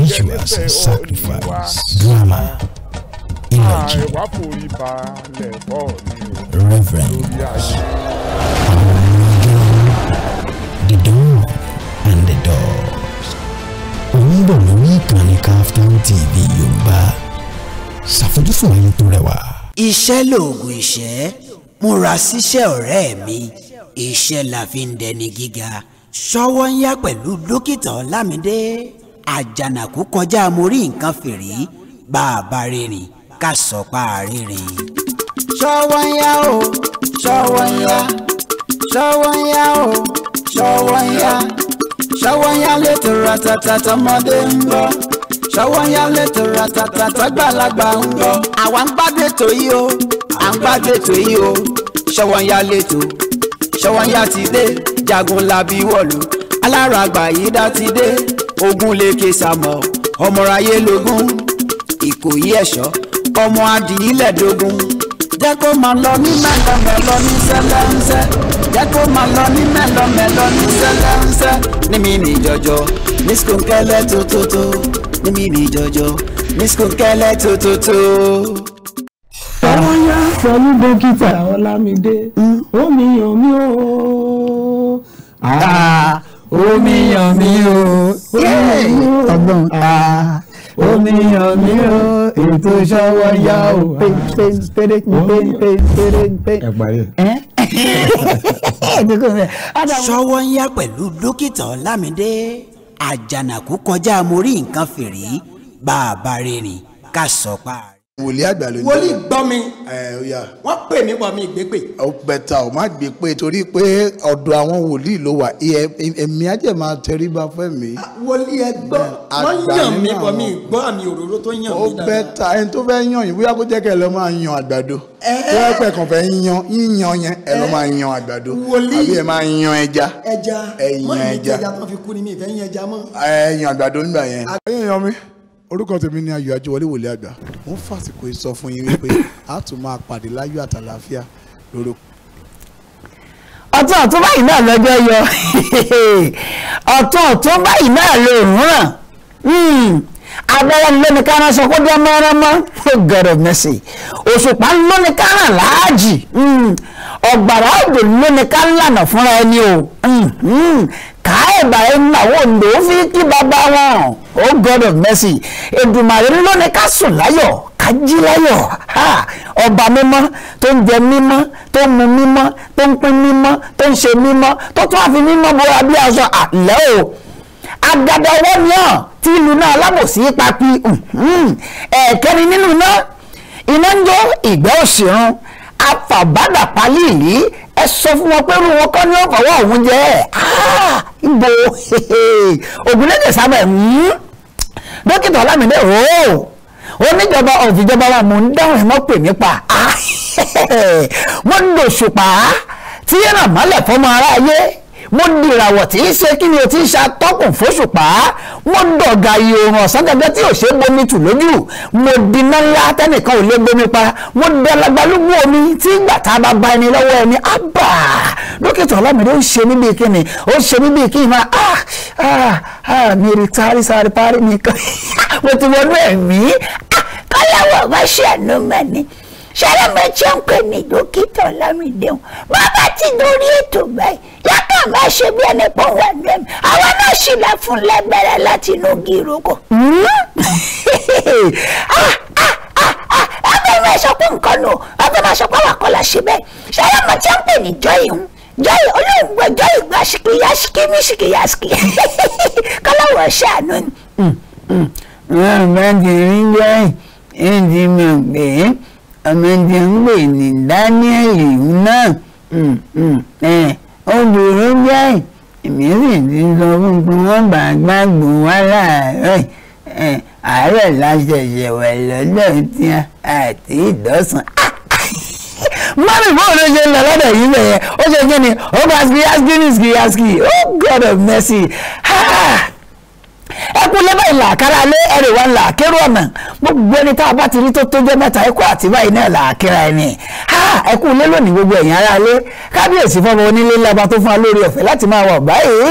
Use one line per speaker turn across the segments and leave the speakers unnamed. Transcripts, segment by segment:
rituals and sacrifice, drama, energy, reverence, the door and the door.
Oníbọ̀ lórí ìkànnì Kaftan TV Yorùbá ṣàfojúsùn ẹni tó rẹwà. Iṣẹ́ lòògùn ìṣẹ́, múra síṣẹ́ ọ̀rẹ́ mi, iṣẹ́ la fi ń dẹni gíga ṣọwọ́ ń yá pẹ̀lú dókítà Ọlámídé àjànàkú kọjá mo rí nǹkan fèrè bá a bá rìnrìn ká sọ pa
rìnrìn.
ṣọ́wọ́nyá o ṣọ́wọ́nyá ṣọ́wọ́nyá o ṣọ́wọ́nyá ṣọ́wọ́nyá lẹ́tọ̀ ratata tọmọdé ń bọ̀ ṣọ́wọ́nyá lẹ́tọ̀ ratata tọgbàlagbà ń bọ̀. àwa ń gbàgbé tó yí o à ń gbàgbé tó yí o ṣọ́wọ́nyá lẹ́tọ̀ ṣọ́wọ́nyá ti dé jagun labi wọ̀lú alára àgbà yìí dá ti dé. Ogunléke Sàámọ̀ ọmọráyé lógún Ìkòyí ẹ̀ṣọ́ ọmọ adìyílẹ̀ dógún jẹ́ kó máa lọ ní mẹ́lọ́mẹ́lọ́ ní sẹ́lẹ̀ńsẹ́ jẹ́ kó máa lọ ní mẹ́lọ́mẹ́lọ́ ní sẹ́lẹ̀ńsẹ́ ní mi ní jọjọ ní skunkẹ́lẹ́ tótótó ní mi ní jọjọ ní skunkẹ́lẹ́ tótótó.
ọ̀rọ̀ yá pẹ̀lú dókítà Ọlámídé hmm? omi omi
ooo. Ah, omi yàn mí o ọgbọ́n omi yàn mí o ètò ìṣọwọ́ yá o. ẹ parí ẹ. ṣọwọ́ ń yá pẹ̀lú dókítà Ọlámídé àjànàkú kọjá mo rí nǹkan fìrí bàbá rẹ̀ rìn ká sọ pa wòlíì àgbà ló ní. wòlíì gbọ́
mi. wọ́n pè mí wọ́n mi gbé pè. ó bẹ̀tà ó má gbé pè torí pé ọ̀dọ̀ àwọn wòlíì ló wà èmi ajẹ́ máa tẹríba fẹ́ mi. Ah,
wòlíì ẹ gbọ́
wọ́n yàn mí wọ́n mi gbọ́ àmì òróró tó yàn mí dáadáa. ó bẹ̀tà
ẹni tó fẹ́ yàn yín bóyá kó jẹ́ kẹ́ ẹ lọ máa yan àgbàdo. tó yẹ pé kàn fẹ́ yan yíyan yẹn ẹ lọ máa yan àgbàdo. wòlíì àbí ẹ máa yan ẹja.
ẹja mọ́ ìdíje ẹja tó fi kú ni
ẹ orúkọ tèmi ni ayọ̀ ajẹ́wọlé wòlé àgbà mo ń fàsìkò sọ fún yín wípé a tún máa pàdé láyọ̀ àtàlàáfíà lóró. ọ̀tún
ọ̀tún báyìí náà lọ́jọ́ yọ ọ̀tún ọ̀tún báyìí náà lè ràn hmm. agbára lónìí ká kó dé mọ́ránmọ́ oh, God of mercy òṣùpá lónìí ká ràn láàjì hmm. ọ̀gbàrá òdò lónìí ká lànà fúnra ẹni o hmm. ká ẹ̀bà ẹni àwọn òǹdó fi kí bàbá wọn o oh God of mercy Èdùmàrè ló ní ká sùn láyọ̀ ká jí láyọ̀ ọba mímọ́ tó ń jẹ mímọ́ tó ń mu mímọ́ tó ń pín mímọ́ tó ń ṣe mímọ́ tó tún àfi mímọ́ bo abí aṣọ àlẹ́ o agada ọwọ́ mìíràn tí ìlú náà alábòsí papi ẹ̀ẹ́kẹ́rin nínú náà iná ń jó ìgbẹ́ òṣìrun afàbádàpálì yìí ẹ sọ fún wọn pé irú wọn kọ́ ní ọ̀fọ̀wọ́ òun jẹ́ ah, ibo ògúnlẹ̀dẹ̀ sábẹ̀ hmm. dókítà ọlámídé ooo oníjọba ọ̀fìjọba wa mò ń dáhùn ẹ̀ pè mí pa ah, wọ́n ń lò ṣùpá tí yẹn nà mọ́lẹ̀ fọmọ aráyé mo dìràwọ̀ tí í ṣe kí ni o ti ṣàtọ́kùn fóṣùpá mo dọ̀gà ìhòòhàn ọ̀sán gẹ́gẹ́ tí ò ṣe bomi tù lójú mo dìná ńlá tẹ́nìkan ò lè gbomi pa mo dalagbálúgbó omi tí ìgbà tá a bá ba ẹni lọ́wọ́ ẹni á bà á dókítà ọlámídé ó ṣe mí bíi kí ni ó ṣe mí bíi kí ni máa ah ah ah mi rí tari sáré parí nìkan mo ti wọnú ẹ̀mí ah kọ́lá wọ̀ wá ṣe ànú mẹ́ni ṣẹlẹ́mọ̀ tí ó ń pè ní dókítà Ọlámídé wọn bàbá ti dorí ètò báyìí yàtọ̀ máa ṣe bí ẹni pọ̀ wà lẹ́mí àwọn náà ṣì là fún lágbára láti inú gírò kọ. abẹ́rẹ́ ìṣọ̀kú nǹkan nù abẹ́rẹ́ ìṣọ̀kú àwàkọ́là ṣe bẹ́ẹ̀ ṣẹlẹ́mọ̀ tí ó ń pè ní jọ́yìn jọ́yì olóògbé jọ́yì gba ṣìkì yá ṣìkì mí ṣìkì yá ṣìkì kọ́láwọ̀ ṣàánú ni. ọ̀rọ̀ bá ti rí jọ́yì ẹ̀ ń di mọ̀ pé ọmọdé ń gbè ní Daniel náà mm, mm. obìnrin jẹ́ ìmíràn ti sọ fún pé wọ́n bá gbàgbọ́ wá láàárọ̀ àárọ̀ láṣẹ̀ṣẹ̀ wẹ̀ lọ́dọ̀ tí àti ìdọ́sàn mọ́mí bóun ló ṣe ń lọ lọ́dọ̀ yìí bẹ̀yẹn ó ṣe kí ni ó bá skiyaski skiyaski oh God of mercy. Ha! ẹkú lẹ́bàá ìlà àkàrà alẹ́ ẹ̀rẹ̀ wa ńlá àkérò gbogbo ẹni tá a bá ti rí tó tó jẹ́ mẹ́ta ẹkú àti báyìí náà là ẹni ha ẹkú lé lónìí gbogbo ẹ̀yìn ara alẹ́ kábíyèsí fọmọ onílé lọ́ba tó fún wa lórí ọ̀fẹ́ láti máa wọ̀ báyìí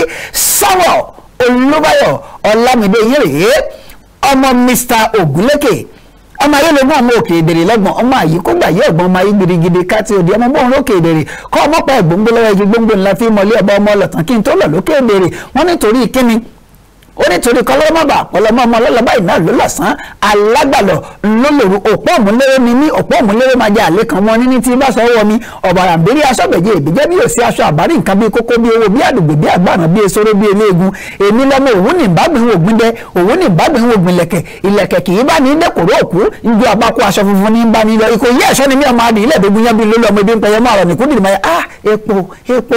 sọ̀rọ̀ olúbáyọ̀ ọlámídé yìí ọmọ Mr Ògúnlékè ọmọ ayélujára ọmọ òkè ọmọ àyè kó gbà yé ọmọ ayé gidigidi káti ọmọ pa ńlá ó nítorí kan lọ́wọ́ bàbá ọlọ́mọ ọmọ ọlọ́lọ́bá iná ló lọ́sàn-án alágbàlọ̀ lólòrú òpó òmùlérè mi ní òpó òmùlérè máa jẹ àlè kan mọ́ níní tí bá sọ wọ́ mi ọ̀bàrà béèrè aṣọ bẹ̀jẹ̀ ìbíjẹ́ bí òsì aṣọ àbárí nǹkan bí kókó bí owó bí àdùgbò bí àgbàràn bí esoro bí eléegun èmi lọ́mọ òun ní ìbágbìn ògùn dẹ òun ní ìbágbìn ògùn ìlẹ̀kẹ̀ ìlẹ̀kẹ̀ kì í bá ní dẹ́kọ̀rọ̀ òkú njọ abakọ ah epo epo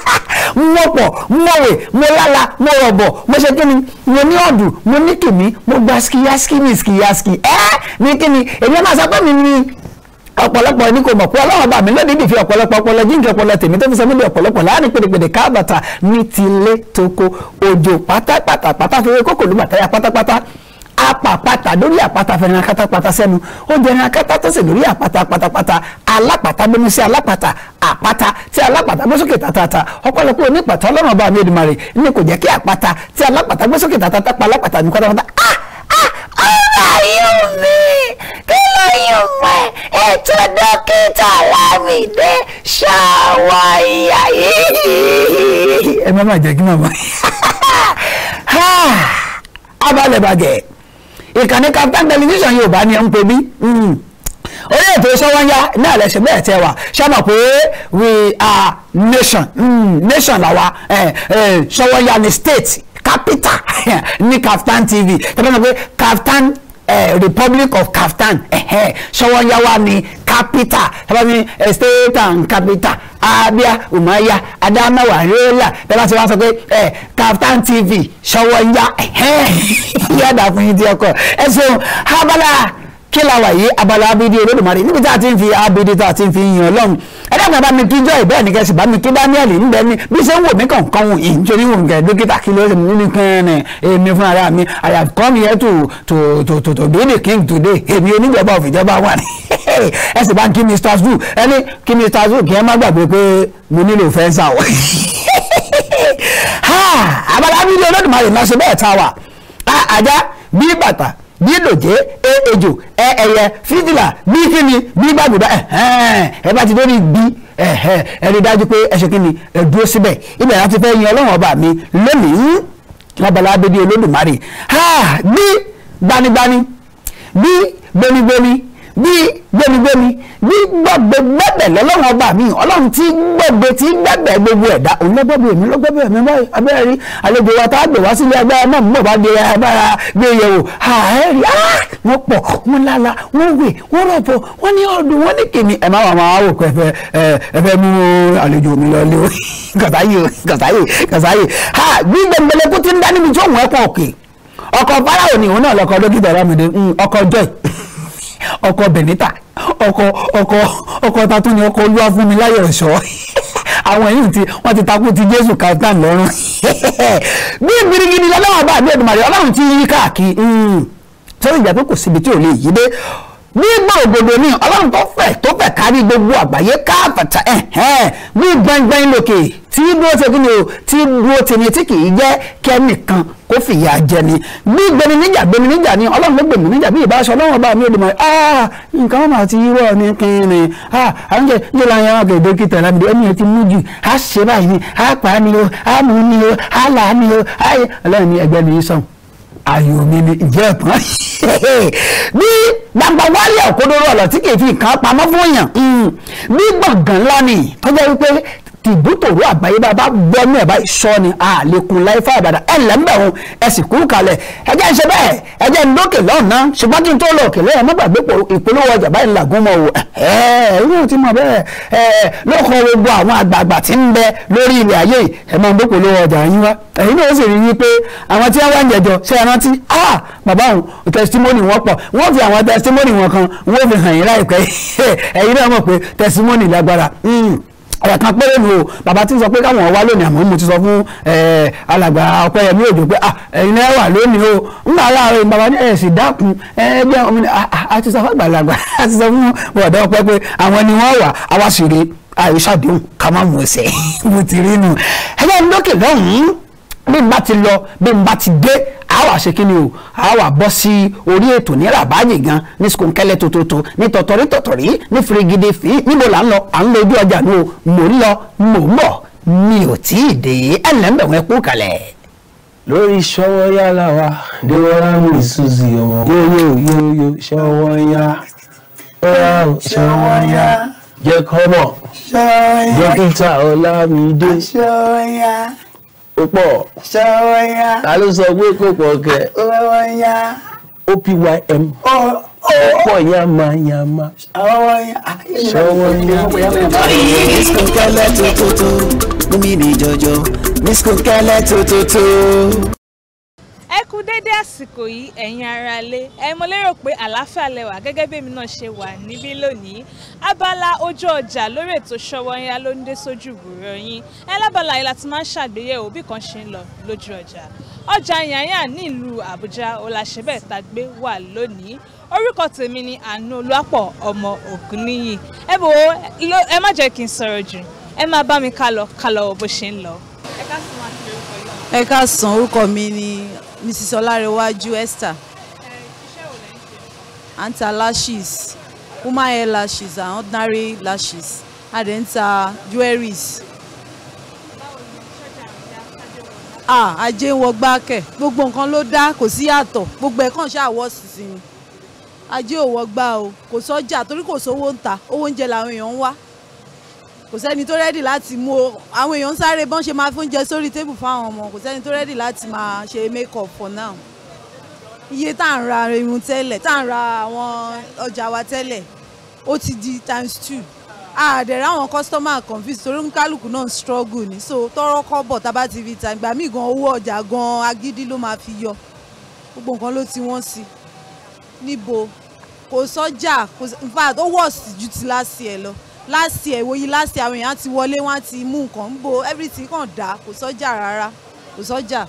mo pọ̀ mo wè mo ni mo ní ọ̀dù mo ní kìmí mo gba skiyaski ní skiyaski ẹ́ ní kíni èmi máa sọ pé mi ní ọ̀pọ̀lọpọ̀ ẹni kò mọ̀ pé ọlọ́run bá mi lódìdí fi ọ̀pọ̀lọpọ̀ ọpọlọ jíǹkì ọpọlọ tèmi tó fi sọ mílíọ̀nù ọ̀pọ̀lọpọ̀ láàrin pèdèpèdè káàbàtà ní tilé toko òjò pátápátá pátá fi kókò lùbàtà ya pátápátá apàpàtà lórí àpáta fẹ̀rẹ̀ akátápàtà sẹ́nu ó jẹrin akátátọ́sẹ̀ lórí àpáta pátápátá alápàtà gbẹnu sí alápàtà àpáta tí alápàtà gbé sókè tàtàtà ọ̀pọ̀lọpọ̀ onípàtà ọlọ́run ọba mi Èdùmàrè ní kò jẹ́ kí àpáta tí alápàtà gbé sókè tàtàtà pa alápàtà
ní pátápátá ah
ah ọ̀rọ̀ yóò mi kí ló yóò mọ ètò dókítà Lámídé Ṣàwàyà yìí. ẹ má má jẹ́ kí màmá yìí. abalẹ̀ bàjẹ́ ìkànnì captain television Yorùbá ni ẹ ń pè mí mm. orí ètò Sówónyá náà lẹ́sẹ̀ bẹ́ẹ̀ tẹ́ wa ṣáàmà pé we are nation mm, nation làwa eh, eh, Sówónyá ni state capital ní captain TV tẹ́lẹ̀ mọ̀ pé Kaftan eh, Republic of Kaftan Ṣọwọ́nyáwá ni capital tàbí state and capital Abia Umaya, Adamawa Yola bẹ́ẹ̀ bá ti wá sọ pé eh, Kaftan TV Ṣọwọ́nyá yàda fún yín tí ọkọ ẹ ṣeun abala kí la yìí abala abidi Olódùmarè níbi tá a ti ń fi abidi tá a ti ń fi yàn lọ́hùn ẹlẹ́gbẹ̀ẹ́ bá mi tún jọ ìbẹ́ẹ̀ ní kẹsì bá mi tún Daniel ńbẹ ni bí ṣe ń wò mí kọ̀ọ̀kan wò yìí nítorí wò nǹkan dókítà kí ló ṣe mú mi kan ní èmi fún ara mi I have come here to to to to to be the king today èmi oníjọba òfìjọba wà ní ẹ sì bá ń kí Mr. Zhu ẹ ní kí Mr. Zhu kí ẹ má gbàgbé pé mo nílò fẹ́ńsà o abala mi ní olódùmarè náà ṣe bẹ́ẹ̀ ta wà ah, ajá bí bàtà bí dòjé ẹ ejò ẹ ẹyẹ fífìlà bí kíni bí gbàgùdà ẹ bá ti dórí bí ẹ rí dájú pé ẹ ṣe kíni ẹ dúró síbẹ̀ ibẹ̀ láti fẹ́ yin ọlọ́run ọba mi lónìí lábala abẹ́bí olódùmarè bí gbanigbani bí gbenigbeni bí gbẹmigbẹmi bí gbọ́gbẹ́ gbẹ́gbẹ́ lọ́lọ́run ọba mi ọlọ́run tí gbọ́gbẹ́ tí gbẹ́gbẹ́ gbogbo ẹ̀dá òun lọ́gbẹ́bẹ́ mi lọ́gbẹ́bẹ́ mi báyìí abẹ́rẹ́ rí àlejò wa tá a gbè wá sílé agbára náà mọ̀ bá gbé agbára gbé e yẹ̀wò àárí wọ́n pọ̀ wọ́n lála wọ́n wè wọ́n rọ̀pọ̀ wọ́n ní ọdún wọ́n ní kìnnì ẹ̀ má wà máa wò pé ẹfẹ́ mú àlejò mi lọ lé o kàtàyè kàtàyè kàtàyè ha gbígbẹ́ngbẹ́lẹ́kú ti ń dá níbi tí òun ẹ̀kọ́ òkè ọkọ̀ fáráò ni òun náà lọkọ̀ dókítà ọ̀rọ̀ mi dé ọkọ̀ joy ọkọ benita ọkọ ọkọ ọkọ tatún ni ọkọ olúwa fún mi láyọ̀ ẹ̀ṣọ́ àwọn ẹ̀yìn tí wọ́n ti takú ti jésù kàtàn lọ́rùn bí gbirigidi lọ́lọ́wọ́ bá àbí ẹ̀dùnmọ̀rẹ́ ọlọ́run ti yí káàkiri sọ́dọ̀ hmm. ìjà pé kò síbi tí ò lè yí dé gbígbọ́ òdòdó ni ọlọ́run tó fẹ̀ tó fẹ̀ kárí gbogbo àgbáyé káàpàtà ẹ̀hẹ́n bí gbẹ́ngbẹ́ng lòkè tí dúró ti kíni o tí dúró ti ni tí kìí jẹ́ kẹ́nìkan kó fìyà jẹ ni bí gbẹni níjà gbẹni níjà ni ọlọ́run ló gbẹmí níjà bí ìbáṣọ ọlọ́run ọba mi ò dìmọ̀ ah nǹkan ọmọ àti irọ́ ni kín ni ah àńjẹ nílò àwọn ọmọ kẹ̀dẹ́ kí tẹ̀lé àbìdí ẹni ti mú jù á ṣe báyìí ni á pa á ni o á mú ni o á là á ni o á yẹ ọlọ́run ni ẹgbẹ́ ni sọ̀hún ayò mi ni ìjẹ́ ẹ̀pọ́n bí gbàgbà wálé ọ̀kọ́dọ́rọ́ ọ̀lọ́ tí kì í fi nǹkan pamọ́ fún èèyàn hmm, bí gbọ̀ngàn ńlá ni tọ́jà wípé tìbútòrò àgbáyé bá bá gbọ́nú ẹ̀ báyìí sọ ni àlékún láì fáyà bàdà ẹ̀ lẹ́mbẹ̀ òun ẹ̀ sì kú kalẹ̀ ẹ̀jẹ̀ ń ṣe bẹ́ẹ̀ ẹ̀jẹ̀ ń lókè lọ́nà ṣùgbọ́n tí n tó lọ òkè lẹ́yìn ọmọ gbàgbé ìpolówó ọjà báyìí làgùn mọ́ o ẹ̀ irú ti mọ̀ bẹ́ẹ̀ ẹ̀ lọ́kọ̀ gbogbo àwọn àgbààgbà tí ń bẹ lórí ilẹ̀ ayé ẹ̀ máa ń gbé ọjà yín wá ẹ̀yin ah bàbá òun testimony wọn pọ̀ wọ́n testimony wọn kan wọ́n fi hàn yín láìpẹ́ ẹ̀yin náà mọ̀ pé testimony lágbára. Hmm ọ̀rọ̀ kan péré nu o bàbá tí ń sọ pé káwọn wá lónìí àmọ́ mo ti sọ fún alàgbà ọpẹ́yẹmí òjò pé ẹ̀yin náà wà lónìí o ńgbà láàárọ̀ bàbá ní ẹ̀ sì dákun ẹ̀ bí ọmọ àti sọ fún àgbàlagbà àti sọ fún bọ̀dá ọpẹ́ pé àwọn ni wọ́n wà àwa sì rè àìsàdéhùn ká má mú ẹsẹ̀ mo ti rí nu ẹgbẹ́ mi lọ́hùn-ún bí n bá ti lọ bí n bá ti dé àwa ṣe kí ni o àwa bọ́ sí orí ètò ní rabaji gan ní skunkẹ́lẹ́ tòtòtò ní tọ̀tọ̀rí tọ̀tọ̀rí ní firigidi fi níbo là ń lọ à ń lọ ojú ọjà ní o mò ń lọ mò ń bọ̀ mi ò tí ì dé ẹlẹ́mbẹ̀ wọn kú kalẹ̀.
lórí ṣọwọ́ yá làwa déwọ́lá mi ìsúnzì ọmọ yóyó yóyó ṣọwọ́ yá ṣọwọ́ yá jẹ́ kọ́mọ̀ dókítà ọlámídé ṣọwọ́ yá ó pọ̀. sọ̀rọ̀ ya. ta ló sọ pé kò pọ̀ kẹ.
sọ̀rọ̀ ya. opym. ọ̀pọ̀
yamayama.
sọ̀rọ̀
ya. sọ̀rọ̀ ya. disco kẹlẹ tututu mú mi ní jọjọ disco kẹlẹ tututu
ẹ kú dédé àsìkò yìí ẹ̀yin aráalé ẹ mo lérò pé àlàáfíà lẹwà gẹ́gẹ́ bí èmi náà ṣe wà níbí lónìí abala ojú ọjà lórí ètò Ṣọ́wọ́nyá ló ń dé sójú ìwúrọ̀ yín ẹ lábala yìí láti máa ń ṣàgbéyẹ̀wò bí kan ṣe ń lọ lójú ọjà ọjà yànyàn nílùú Àbújá ọlàṣẹbẹ tàgbé wà lónìí orúkọ tèmi ni Àánú Olúwàpọ̀ ọmọ Ògúnníyì ẹ bò ó ẹ má jẹ́ kí n sọ̀rọ̀ jù ẹ máa bá mi kálọ kálọ bó ṣe ń lọ. ẹ ká sì máa fi ẹ káàsán orúkọ mi ni mrs ọlárẹwájú esther anta lashes woman hair lashes and ordinary lashes adenta jewelries ah ajé ń wọgbá kẹ gbogbo nǹkan ló dá kò sí yàtọ̀ gbogbo ẹ̀ kàn ṣáà wọ́ sísìn ajé ò wọgbá o kò sọ́jà torí kò sówó ń ta owó oúnjẹ làwọn èèyàn ń wá kò sẹ́ni tó rẹ́dì láti mú o àwọn èèyàn ń sáré bọ́n ṣe máa fóúnjẹ sórí tébù fáwọn ọmọ kò sẹ́ni tó rẹ́dì láti máa ṣe make up for now iye tá à ń ra irun tẹ́lẹ̀ tá à ń ra àwọn ọjà wa tẹ́lẹ̀ ó ti di times two àdẹ̀rẹ̀ àwọn customer confused torí kálukú náà struggle ni so tọrọ kọ́bọ̀ tábà ti fi ta ìgbà míì gan owó ọjà gan agídí ló máa fi yọ gbogbo nǹkan ló ti wọ́n sí níbo kò sọ́jà kò in fact ó wọ̀ sí ju ti last year lọ last year ìwòyí last year àwọn èèyàn ti wọlé wọn ti mú nǹkan ń bo everything kàn dá kò sọ́jà rárá kò sọ́jà.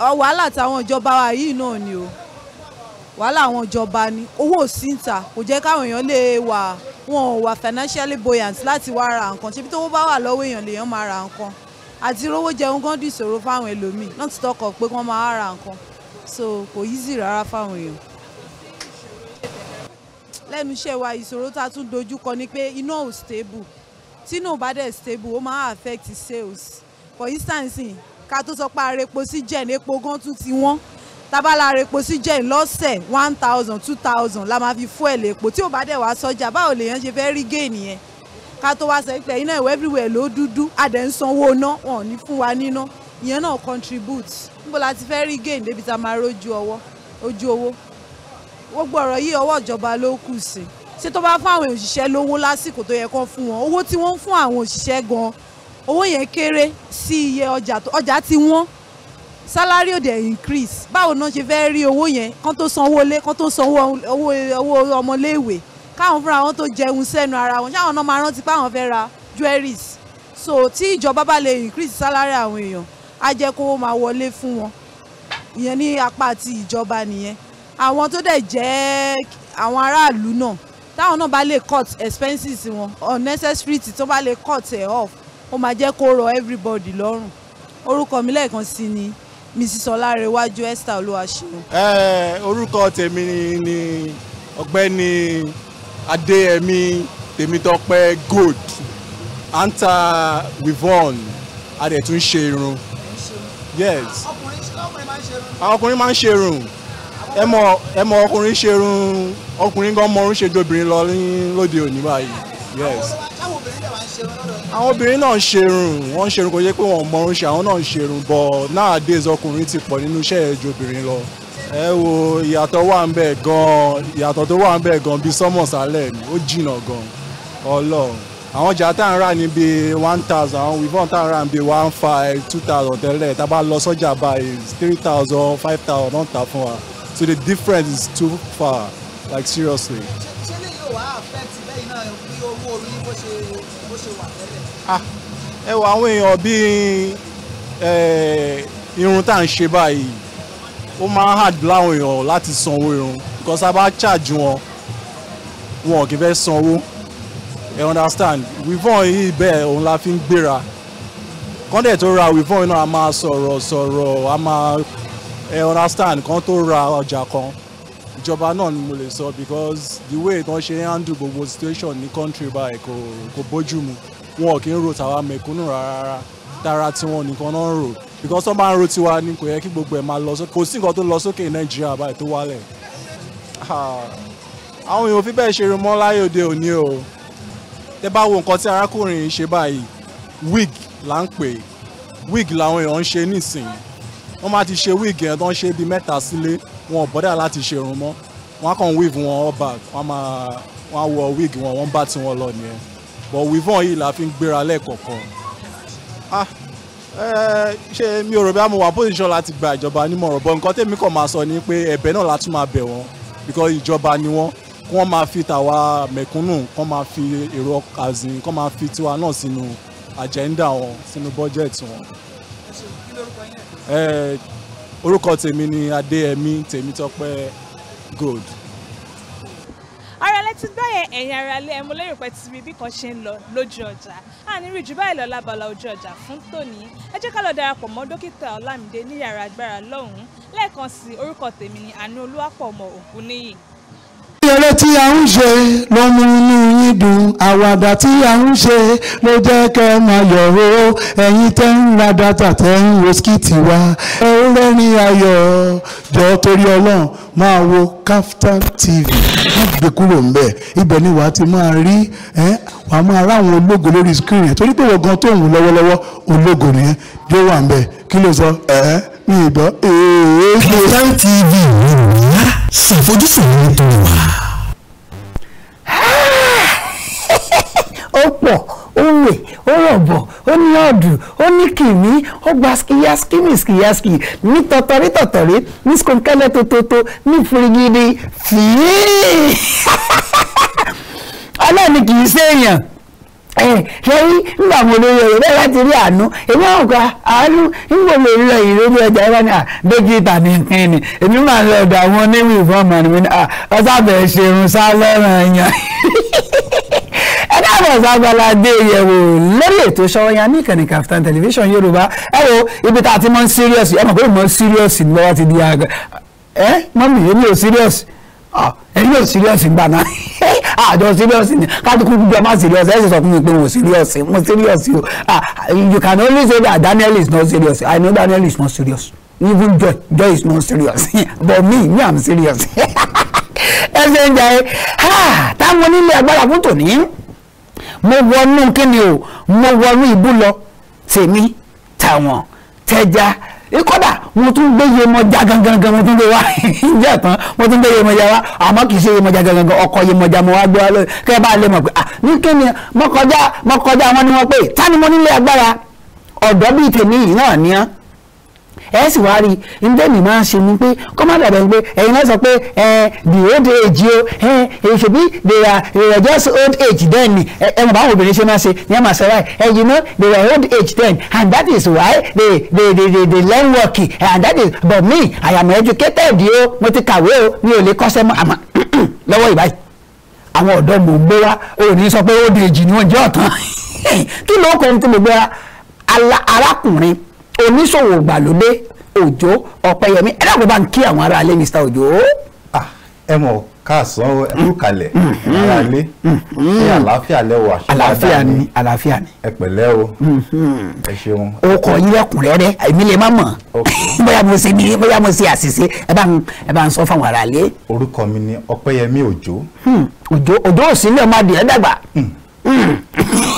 Ah, wàhálà táwọn ìjọba wa yìí náà ni o wàhálà àwọn ìjọba ni owó òsì ń ta kò jẹ́ káwọn èèyàn lè wà wọn ò wà financially buoyant láti wá ra nǹkan ṣebí tó bá wà lọ́wọ́ èèyàn lèèyàn máa ra nǹkan àti rówó jẹun gan dìṣòro fáwọn ẹlòmíì náà ti tọkọ̀ pé wọ́n máa ra nǹkan so kò easy rárá fáwọn èèyàn lẹ́nu iṣẹ́ wa ìṣòro tá a tún dojú kọ ni pé iná ò stable tí iná ò bá dẹ̀ stable ó máa affect sales for instance ká tó sọ pé arepo sí jẹ́ ní epo gan tún ti wọ́n tábàlà arepo sí jẹ́ lọ́sẹ̀ one thousand two thousand la máa fi fuel epo tí ò bá dẹ̀ wá sọ́jà báwo lèèyàn ṣe fẹ́ rí gain yẹn ká tó wá sọ pé iná ìwé everywhere ló dúdú adẹ̀ ń sanwó ná wọn ò ní fún wa níná ìyẹn náà contribute níbo la ti fẹ́ rí gain débi tá a máa rójú ọwọ́ ojú owó gbogbo ọ̀rọ̀ yìí ọwọ́ ìjọba ló kù sí ṣé tó bá fún àwọn òṣìṣẹ́ lówó lásìkò tó yẹ kán fún wọn owó tí wọ́n ń fún àwọn òṣìṣẹ́ gan owó yẹn kéré sí iye ọjà ọjà tí wọ́n salary ò dẹ̀ increase báwo náà ṣe fẹ́ rí owó yẹn kán tó sanwó lé kán tó sanwó owó ọmọléèwé káwọn fúnra wọn tó jẹun sẹ́nu ara wọn ṣáwọn náà máa rántí pé àwọn fẹ́ ra jewelries so tí ìjọba bá lè increase salary àwọn èèyàn á jẹ́ kówó máa wọlé fún wọn ìyẹn ní apá ti ìjọba nìyẹn àwọn tó dẹ̀ jẹ́ àwọn aráàlú náà táwọn náà bá lè cut expenses wọn unnecessary tí tó bá lè cut ẹ̀ off ó máa jẹ́ kó rọ everybody lọ́rùn orúkọ mi lẹ́ẹ̀kan sí ni mrs ọlárẹ̀wájú esther olúwaṣeun.
ẹ orúkọ tèmi ni ọ̀gbẹ́ni adéyẹmí tèmítọ́pẹ́ gold anta wivon adẹ̀tún ṣe irun yes àwọn ọkùnrin máa ń ṣe irun ẹ mọ ọkùnrin ṣe ọkùnrin gan mọ ṣe ju obìnrin lọ lóde òní báyìí yes. àwọn obìnrin náà ń ṣe irun ń ṣe kò yẹ pé wọ́n mọ ṣe àwọn náà ń ṣe irun but nowadays ọkùnrin ti pọ̀ nínú iṣẹ́ ju obìnrin lọ ẹ wo ìyàtọ̀ wà ń bẹ̀ gan ìyàtọ̀ tó wà ń bẹ̀ gan bíi sọ́mọ̀ sálẹ̀ ni ó jìnnà gan ọlọ́run àwọn ọjà tá à rà ní bíi one thousand àwọn wivon tá à rà ní bíi one five two thousand tẹ́lẹ̀ tá a bá lọ sọ́jà báyìí three thousand five thousand náà ta fún wa so the difference is too far like seriously. ṣé
lè yóò wá affect bẹ́ẹ̀ náà bí owó orí bó
ṣe bó ṣe wà tẹ́lẹ̀.
Ah, ẹ wo àwọn èèyàn bíi irun tá à ń ṣe báyìí ó máa ń hard láwọn èèyàn láti sanwó irun because a bá charge wọn wọn kì í fẹ́ sanwó you understand wivon yìí bẹ́ẹ̀ òun la fi ń gbéra kọ́ndẹ̀ tó ra wivon náà a máa sọ̀rọ̀ sọ̀rọ̀ a máa ẹ understand kan tó ra ọjà kan ìjọba náà ni mo lè sọ because the way tán ṣe ń handle gbogbo situation ní country báyìí kò kò bójú mu wọn ò kí ń ro tàwa mẹ̀kúnnù rárá dára tiwọn nìkan náà ń rò because wọn máa ń ro tiwa ni kò yẹ kí gbogbo ẹ̀ máa lọ sókè kò sí nǹkan tó lọ sókè nàìjíríà báyìí tó wálẹ̀ àwọn èèyàn ò fi bẹ́ẹ̀ ṣe rí mọ́ láyé òde òní o tẹ bá wo nǹkan tí arákùnrin ṣe báyìí wig là ń pè wig làwọn èèyàn ń ṣe nísìnyí wọ́n máa ti ṣe wíìgì yẹn tó ń ṣe bíi mẹ́ta sílé wọn ò bọ́dà láti ṣe irun mọ́ wọ́n á kàn wíìgì wọn all back wọ́n máa wọ́n á wọ wíìgì wọn wọ́n bá tí wọ́n lọ nìyẹn but wíìvọ̀n yìí la fi ń gbéra lẹ́ẹ̀kọ̀ọ̀kan ah ṣe mi ò rò bí a mọ̀ wá position láti gba ìjọba nímọ̀ràn but nǹkan tèmi kàn máa sọ ni pé ẹ̀bẹ̀ náà la tún máa bẹ̀ wọ́n because ìjọba ni wọ́n kí wọ́n máa fi tàwa mẹ̀kúnnù kí wọ́n máa fi èrò àzìn kí wọ́n máa fi tiwa náà sínú agenda wọn sínú budget wọn orúkọ tèmi ni adéyẹmí tèmítọ́pẹ́ gold.
ara ẹ ti gbọ́ yẹn ẹ̀yin ara lé ẹmu lérò pé ti rí bí kan ṣe ń lọ lójú ọjà àní rí jù báyìí lọ lábala ojú ọjà fún tòní ẹ jẹ́ ká lọ darapọ̀ mọ́ dókítà ọlámídé ní yàrá agbára lọ́hùn-ún sí orúkọ tèmi ni àánú olúwàpọ̀ ọmọ ògúnníyì
eré tí a ń ṣe ló mú inú yín dùn àwàdà tí a ń ṣe ló jẹ́ kẹ́ ẹ máa yọ̀ o ẹ̀yin tẹ́ ń ra dátà tẹ́ ń wo skìtì
wa
ẹ ó rẹ́rìn ayọ̀ jọ torí ọlọ́run máa wo Kaftan TV má gbé kúrò ń bẹ̀ ibẹ̀ ni wàá ti máa rí wàá máa ráwọn ológo lórí screen yẹn torí pé wọ́n gan tó ń lọ́wọ́lọ́wọ́ ológo nìyẹn yóò wà ń bẹ̀
kí ló sọ ẹ̀ẹ́ mi ì gbọ́ èèyàn. Kaftan TV yorùbá ṣàfojúsùn ní tó wà.
ó pọ̀ ó wè ó rọ̀bọ̀ ó ní ọ̀dù ó ní kìmí ó gba skiyaski ní skiyaski ní tọ̀tọ̀rí tọ̀tọ̀rí ní skunkẹ́lẹ́ tótótó ní fúrigidi fìyí ọlọ́ọ̀ni kì í ṣèèyàn ṣe rí nígbà mo lórí ọ̀rọ̀ bẹ́ẹ̀ láti rí àánú èmi àwọn kan àánú nígbà mo lọ yìí lórí ọjà ẹ bá ní dókítà ní kín ni èmi máa ń lọ ọ̀dọ̀ àwọn oníwì ìfọ́mọ̀ ni mi ní ọ̀sàbẹ̀ ṣerun sá lọ́rùn yan ẹ dáàbọ̀ sábàládé yẹ̀wò lórí ètò Sọ́wọ́nyá ní ìkànnì Kaftan television Yorùbá ẹ wo ibi tá a ti mọ serious ẹ mọ̀ pé mo serious lọ́wọ́ ti di àgbẹ̀ ẹ mọ́mí èmi ò serious ah, ẹ̀yin yóò serious gbà náà àjọ serious ni kátó kúkú bí ọmọ serious ẹ̀ sì sọ fún mi pé mo serious mo serious o ah you can only say that Daniel is not serious I know Daniel is not serious even Joy Joy is not serious but me me I'm serious ẹ ṣe ń jẹ ẹ ah, táwọn onílé agbára fún tòní mo wọnú kíni o mo wọnú ìbú lọ tèmi tàwọn tẹja kódà mo tún gbé Yemọja gangan mo tún gbé wá ìjà tán mo tún gbé Yemọja wá àmọ́ kì í ṣe Yemọja gangan ọkọ Yemọja mo wá gbé wá lóyún kẹ́ bá lè mọ̀ pé ah ní kíni mo kọjá mo kọjá wọn ni wọ́n pé ta ni mo nílé agbára ọ̀dọ́ bíi tèmi yìí náà ni ẹ sì wá rí i ní tẹ́mi máa ń ṣe ni pé kọ́ má dàbẹ̀ pé ẹ̀yin náà sọ pé ẹ the old age o ẹ èso bí they are they are just old age then ni ẹ ẹ mọ̀ báwọn obìnrin ṣe máa ṣe ní máa ṣe báyìí ẹ you know they were old age then and that is why they they they they, they learn working and that is but me I am educated o mo ti kàwé o mi ò lè kọ́ṣẹ́ mọ́ àmọ́ lọ́wọ́ ìbáyìí àwọn ọ̀dọ́ mò ń gbé wá òní sọ pé old age ni wọ́n jẹ́ ọ̀tán kí ló kọ́ ohun tí mo gbé wá arákùnrin oníṣòwò
gbàlódé òjò ọ̀pẹyẹmí ẹ dàgbọ́ bá ń kí àwọn ará ilé mr òjò. ẹ mọ̀ káàsán ẹkú kalẹ̀ mm-hmm. ará ilé mm-hmm. ṣé àlàáfíà lẹ́wọ̀ àṣẹ àlàáfíà ni àlàáfíà ni. ẹ pẹ̀lẹ́ o mm-hmm. ẹ ṣeun. o
kọ yín lẹ́kùnrẹ́rẹ́ èmi lè má mọ̀ bóyá mo ṣe bí bóyá mo ṣe àṣìṣe ẹ bá ń ẹ bá ń sọ fáwọn ará ilé. orúkọ
mi ni ọ̀pẹyẹmí òjò. Hmm, òjò òjò òsínlẹ̀ ọmọdé ẹ dàgbà. Hmm. Hmm.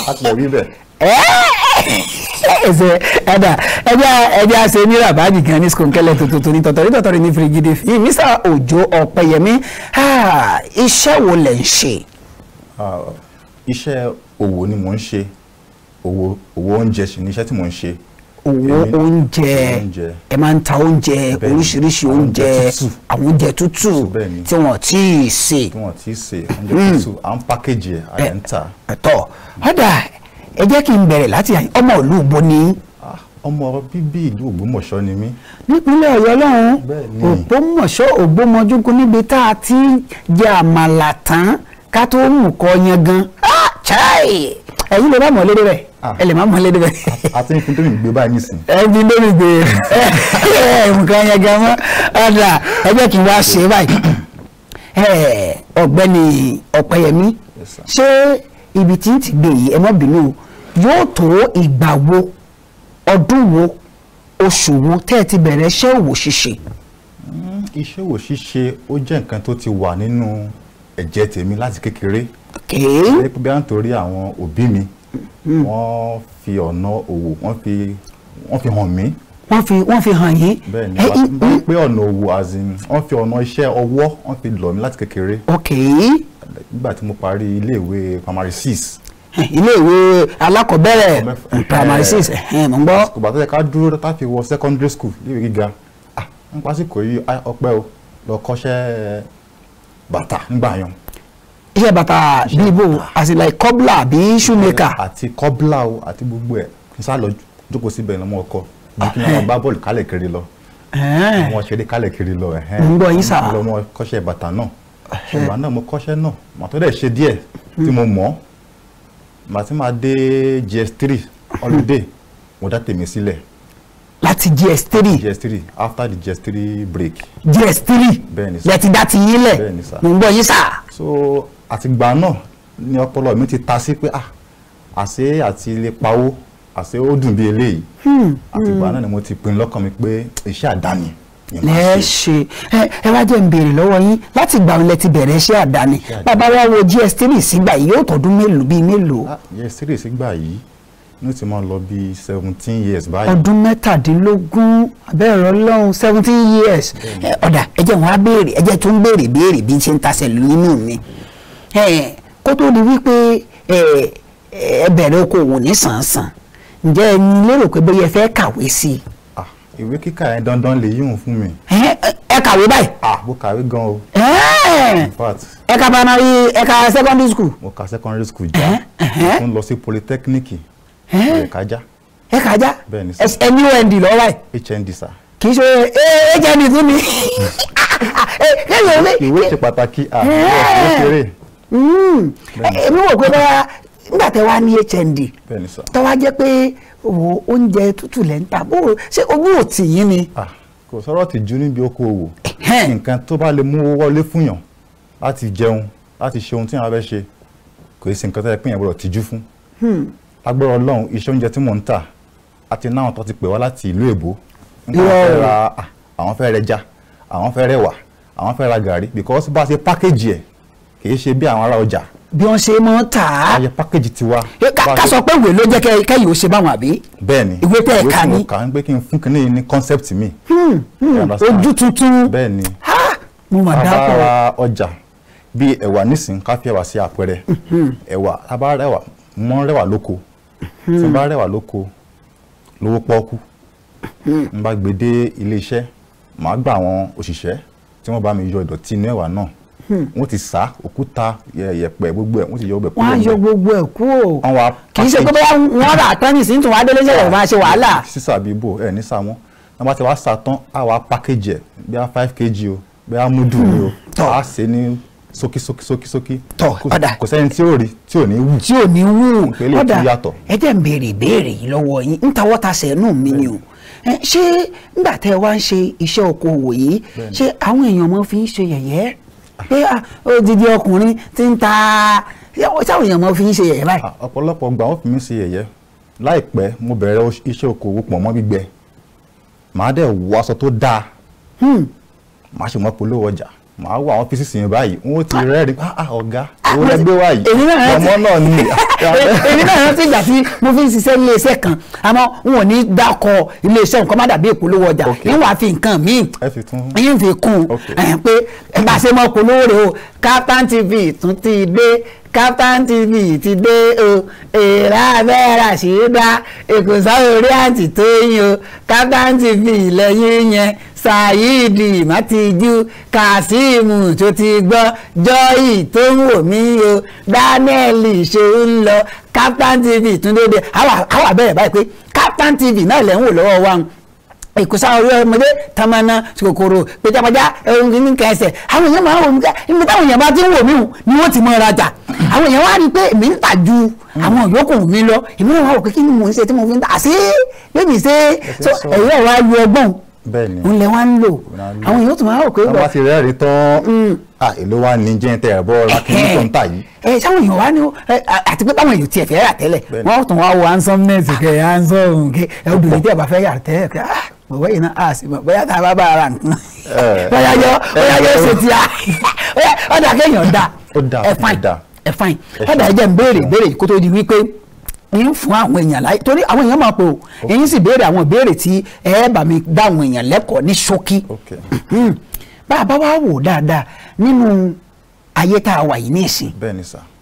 a pọ̀ wí bẹ́ẹ̀. Eh, eh ẹsẹ ẹdá ẹjá
ẹjá ṣe nira báàgì gan ní skunkẹlẹ tuntun ní tọtọrí tọtọrí ní firigidi fi mísà òjò ọpẹyẹmí
iṣẹ́ wo lẹ ń ṣe. Ah, iṣẹ́ òwò ni mò ń ṣe òwò òwò oúnjẹ sì ni iṣẹ́ tí mò ń ṣe. òwò oúnjẹ ẹ máa ń ta oúnjẹ oríṣiríṣi oúnjẹ àwọn oúnjẹ tútù tí wọn tí ì tí wọn tí ì oúnjẹ hmm. tútù à ń pákéjì ẹ̀ à ń ta. ẹ̀tọ́
ọ̀dà ẹ jẹ́ kí n bẹ̀rẹ̀ láti ọmọ ìlú bo ni. Ah, ọmọ bíbí
ìlú ògbómọ̀ṣọ́ ni mí.
nípínlẹ̀ ọ̀yọ́ lọ́hùn ògbómọ̀ṣọ́ ògbómọjúkú níbi tá a ti jẹ àmàlà tán ká tó mú kọ yan gan. Ah, ẹ̀yin lè má mọ̀ lédè bẹ́ẹ̀ ah. ẹ lè má mọ̀ lédè bẹ́ẹ̀. àti nǹkan tó mi gbé báyìí nìsín. ẹ ti ló mi gbé nǹkan yan gan mọ́ ọ̀dà ẹ jẹ́ kí n wá ṣe báyìí ọ̀gbẹ́ni ọ̀pẹyẹmí ṣé ibi tí ń ti gbé
yìí ẹ má bínú o yóò tó ìgbà wo ọdún wo oṣù wo tẹ́ ẹ ti bẹ̀rẹ̀ iṣẹ́ òwò ṣíṣe. Hmm, iṣẹ́ òwò ṣíṣe ó jẹ́ nǹkan tó ti wà nínú ẹ̀jẹ̀ tèmi láti kékeré. ṣe pé bí a ń torí àwọn òbí mi hmm. wọ́n fi ọ̀nà òwò wọ́n fi wọ́n fi hàn mí.
wọ́n fi wọ́n fi hàn yín.
bẹ́ẹ̀ni wọ́n pé ọ̀nà òwò azin wọ́n fi ọ̀nà iṣẹ́ ọwọ́ wọ́n fi lọ̀ mí láti kékeré. ok. nígbà tí mo parí iléèwé primary six iléèwé alákọ̀ọ́bẹ̀rẹ̀ primary six mo ń gbọ́. àsìkò bàtà yẹ ká dúró tá fi wọ secondary school níbi gíga n pásíkò yìí ọpẹ́ o lọ kọ́ṣẹ́ bàtà ńgbà yan. iṣẹ́ bàtà bíi bò àti like cobbler bíi shoemaker. àti cobbler o àti gbogbo ẹ̀ kí n sá lọ jókòó síbẹ̀ lọ́mọ ọkọ bí kí n máa gbá bọ́ọ̀lù kálẹ̀ kiri lọ àwọn ṣeré kálẹ̀ kiri lọ ń gbọ́ yín sà lọ́mọ kọ́ṣẹ́ bàtà náà ṣùgbọ́n náà mo kọ́ṣẹ́ náà màtọ́ dẹ̀ ṣe díẹ̀ tí mo mọ̀ ọ́ màá ti máa dé GS3 holiday mo dá tèmi sílẹ̀. láti GS3. GS3 after the GS3 break. GS3 bẹ́ẹ̀ni sá lẹ́tí dá yín lẹ̀ bẹ́ẹ̀ni sá mo ń gbọ́ yín sá. so àtìgbà náà ni ọpọlọ mi ti ta sí pé ah àṣé àti ilé pawó àṣé ó dùn bí eléyìí
hmm, àtìgbà hmm. náà ni
mo ti pinnu lọ́kàn mi pé iṣẹ́ àdáni lẹ ṣe ẹ ẹ wá jẹ́ ń béèrè lọ́wọ́ yín láti
gbà wọn lẹ bẹ̀rẹ̀ iṣẹ́ àdáni bàbá wa wo GS3 sígbà yìí yóò tọdún mélòó bíi mélòó.
Ah, GS3 sígbà yìí ní ti máa lọ bíi seventeen years báyìí. ọdún
mẹ́tàdínlógún abẹ́rẹ́ ọlọ́run seventeen years ọ̀dà ẹ̀jẹ̀ wọn á béèrè ẹ̀jẹ̀ tó ń béèrè béèrè bí n ṣe ń tasẹ̀ nínú mi kó tó di wípé ẹ
bẹ̀rẹ̀ okòwò ní sàn-án sàn ǹjẹ́ ẹ lérò pé bóyá ẹ fẹ́ kàwé sí i ìwé kíkà yẹn dandan lè yíwọ̀n fún mi. ẹ kàwé báyìí. ah mo kàwé gan o. ẹ ka primary ẹ ka secondary school. mo ka secondary school já mo ń lọ sí polytechnic ẹ̀ka já. ẹ̀ka já NUND lọ́wọ́ báyìí. HND sir. kì í ṣe HND tún ni. ìwé ṣe pàtàkì àbúrò eh, ìwé kéré. Hmm. Eh, èmi wò pé báyà nígbà tẹ wá ní HND
tọ́ wá pé wo oúnjẹ tútù lẹ́ ń ta bó ṣe owó
ò yín ni. Ah, kò sọ̀rọ̀ tìjú níbi okòwò nǹkan tó bá lè mú owó wọlé fún yàn láti jẹun láti ṣe ohun tí yàn bá fẹ́ ṣe kò sí nǹkan tó yẹ pé yàn gbọ́dọ̀ tìjú fún. Hmm. agbára ọlọ́run iṣẹ́ oúnjẹ tí mò ń tà àti náà tó ti pè wá láti ìlú èbó ah, àwọn fẹ́ rẹ já àwọn fẹ́ rẹwà àwọn fẹ́ ra gàrí because bá a ṣe pákéjì ẹ̀ kì í ṣe bí àwọn ará ọjà bí wọ́n ṣe máa ń tà á. àyè pákéjì ti wá. ká sọ pé ìwé ló jẹ́ kẹ́yìn ó ṣe báwọn àbí. bẹ́ẹ̀ni ìwé tẹ ẹ kà ní. ìwé tí mo kà ń pé kí n fún kinní ní concept mi. Hmm, hmm, ojú tuntun. bẹ́ẹ̀ni mo mà dá pọ̀. abara ọjà bíi ẹ̀wà nísìnyí ká fi ẹ̀wà sí àpẹẹrẹ hmm. ẹ̀wà abara ẹ̀wà mọ́ rẹwà lóko tí n bá rẹwà lóko lówó pọ́ọ́kú n bá gbé dé ilé iṣẹ́ màá gba àwọn òṣìṣẹ́ tí wọ́n bá mi yọ ìdọ̀tí inú ẹ̀wà náà wọ́n ti sá òkúta yẹ̀pẹ̀ gbogbo ẹ̀ wọ́n ti yọ ọbẹ̀ kúrò. wọ́n á yọ gbogbo ẹ̀ kúrò kì í ṣe pé bóyá wọ́n rà tán ní ìsìn
tó wá délé ṣẹlẹ̀ máa ṣe wàhálà.
sísà bíi bò ẹ ní sá wọn nígbà tí wàá sá tán á wàá package ẹ bí wàá five kg o bí wàá múdù ni o á hmm. ṣe ní sókí sókí sókí sókí. tọ ọ̀dà kò sẹ́ni tí ò rí tí ò ní wù. tí ò ní wù ọ̀dà ẹ jẹ́ ń béèrè ìbéèrè yìí lọ́wọ́ yín ń tawọ́ ta sẹ́nu mi ni o ṣé
nígbà tẹ́ ẹ wá ń ṣe iṣẹ́ okòwò yìí ṣé àwọn èèyàn máa fi ń ṣe yẹ̀yẹ́
pé ah, odidi ọkùnrin ti ń ta sáwọn èèyàn mọ fi ń ṣe yẹ̀yẹ́ báyìí. Ah, ọ̀pọ̀lọpọ̀ gbà wọ́n fi mí ṣe yẹ̀yẹ́ láìpẹ́ mo bẹ̀rẹ̀ iṣẹ́ okòwò pọ̀ mọ́ gbígbẹ màá dẹ̀ wọ aṣọ tó dáa hmm. màá ṣe mọ́ polówó ọjà màá wọ àwọn pieces yẹn báyìí wọn ti ah. rẹ́rìí pa ah, ah, ọ̀gá owó ẹgbẹ́ wa yìí ọmọ náà ni.
èmi náà rántí ìgbà tí mo fi ń ṣiṣẹ́ iléeṣẹ́ kan àmọ́ n ò ní dákọ̀ iléeṣẹ́ nǹkan má dàbí ìpolówó ọjà yín wàá fi nǹkan míì yín fi kún un pé bá a ṣe mọ polówó rẹ o Kaftan TV tún ti dé Kaftan TV ti dé o èrà abẹ́rà sí í dá èkó sáwọ́ orí àǹtí tó yín o Kaftan TV lẹ́yìn yẹn ṣàyíìdì mátìjú kàṣíìmù tó ti gbọ́ jọ́yì tó ń wò mí o daniel ṣe ń lọ Captain TV túndéédé àwa bẹ̀rẹ̀ báyìí pé Kaftan TV náà lẹ́ ń wò lọ́wọ́ wa ìkùsà orí ọmọdé tamana kòkòrò péjàpájà ohun kìíní kẹsẹ̀ àwọn èèyàn máa ń wò mí ibi táwọn èèyàn bá ti ń wò mí ni wọ́n ti mọ rajà àwọn èèyàn wá rí i pé èmi ń tà ju àwọn yòókù mi lọ èmi náà wà wò pé kí ni mò ń ṣe tí mo fi ń tà sí lèmi ṣe so ẹ̀yẹ́ wa lu ọgbọ́n
òun lẹ wá ń lò àwọn èèyàn
tó máa rò pé. wọ́n bá ti
rẹ́ẹ̀rí tán mm. èló wa ní jẹ́ tẹ̀ ẹ̀bọ́ rákìní eh, tó ń tà yìí.
ẹ eh, sáwọn èèyàn wá ní eh, àti pé báwọn èèyàn tiẹ̀ fẹ́ rà tẹ́lẹ̀ wọ́n tún wá wo handsomeness kẹ̀ handsome kẹ̀ obìnrin tí ẹ bá fẹ́ yà tẹ́lẹ̀ kẹ̀ ah, bọ̀wọ́ yìí náà a sì mọ̀ bóyá tá a bá bá ara nǹkan
bóyá yọ bóyá yọ ṣe ti
a ọ̀dà kéèyàn da ẹ̀ fine ẹ̀ fine ọ̀dà ẹ̀ jẹ́ ń béèrè béèrè kó tó di wípé ń fún àwọn èèyàn láyé torí àwọn èèyàn máa pò èyí sì béèrè àwọn ìbéèrè tí ẹ bá mi dá àwọn èèyàn lẹ́kọ̀ọ́ ní ṣókí hmm. bá a bá wá wò dáadáa nínú ayé tá a wà yìí ní ìsìn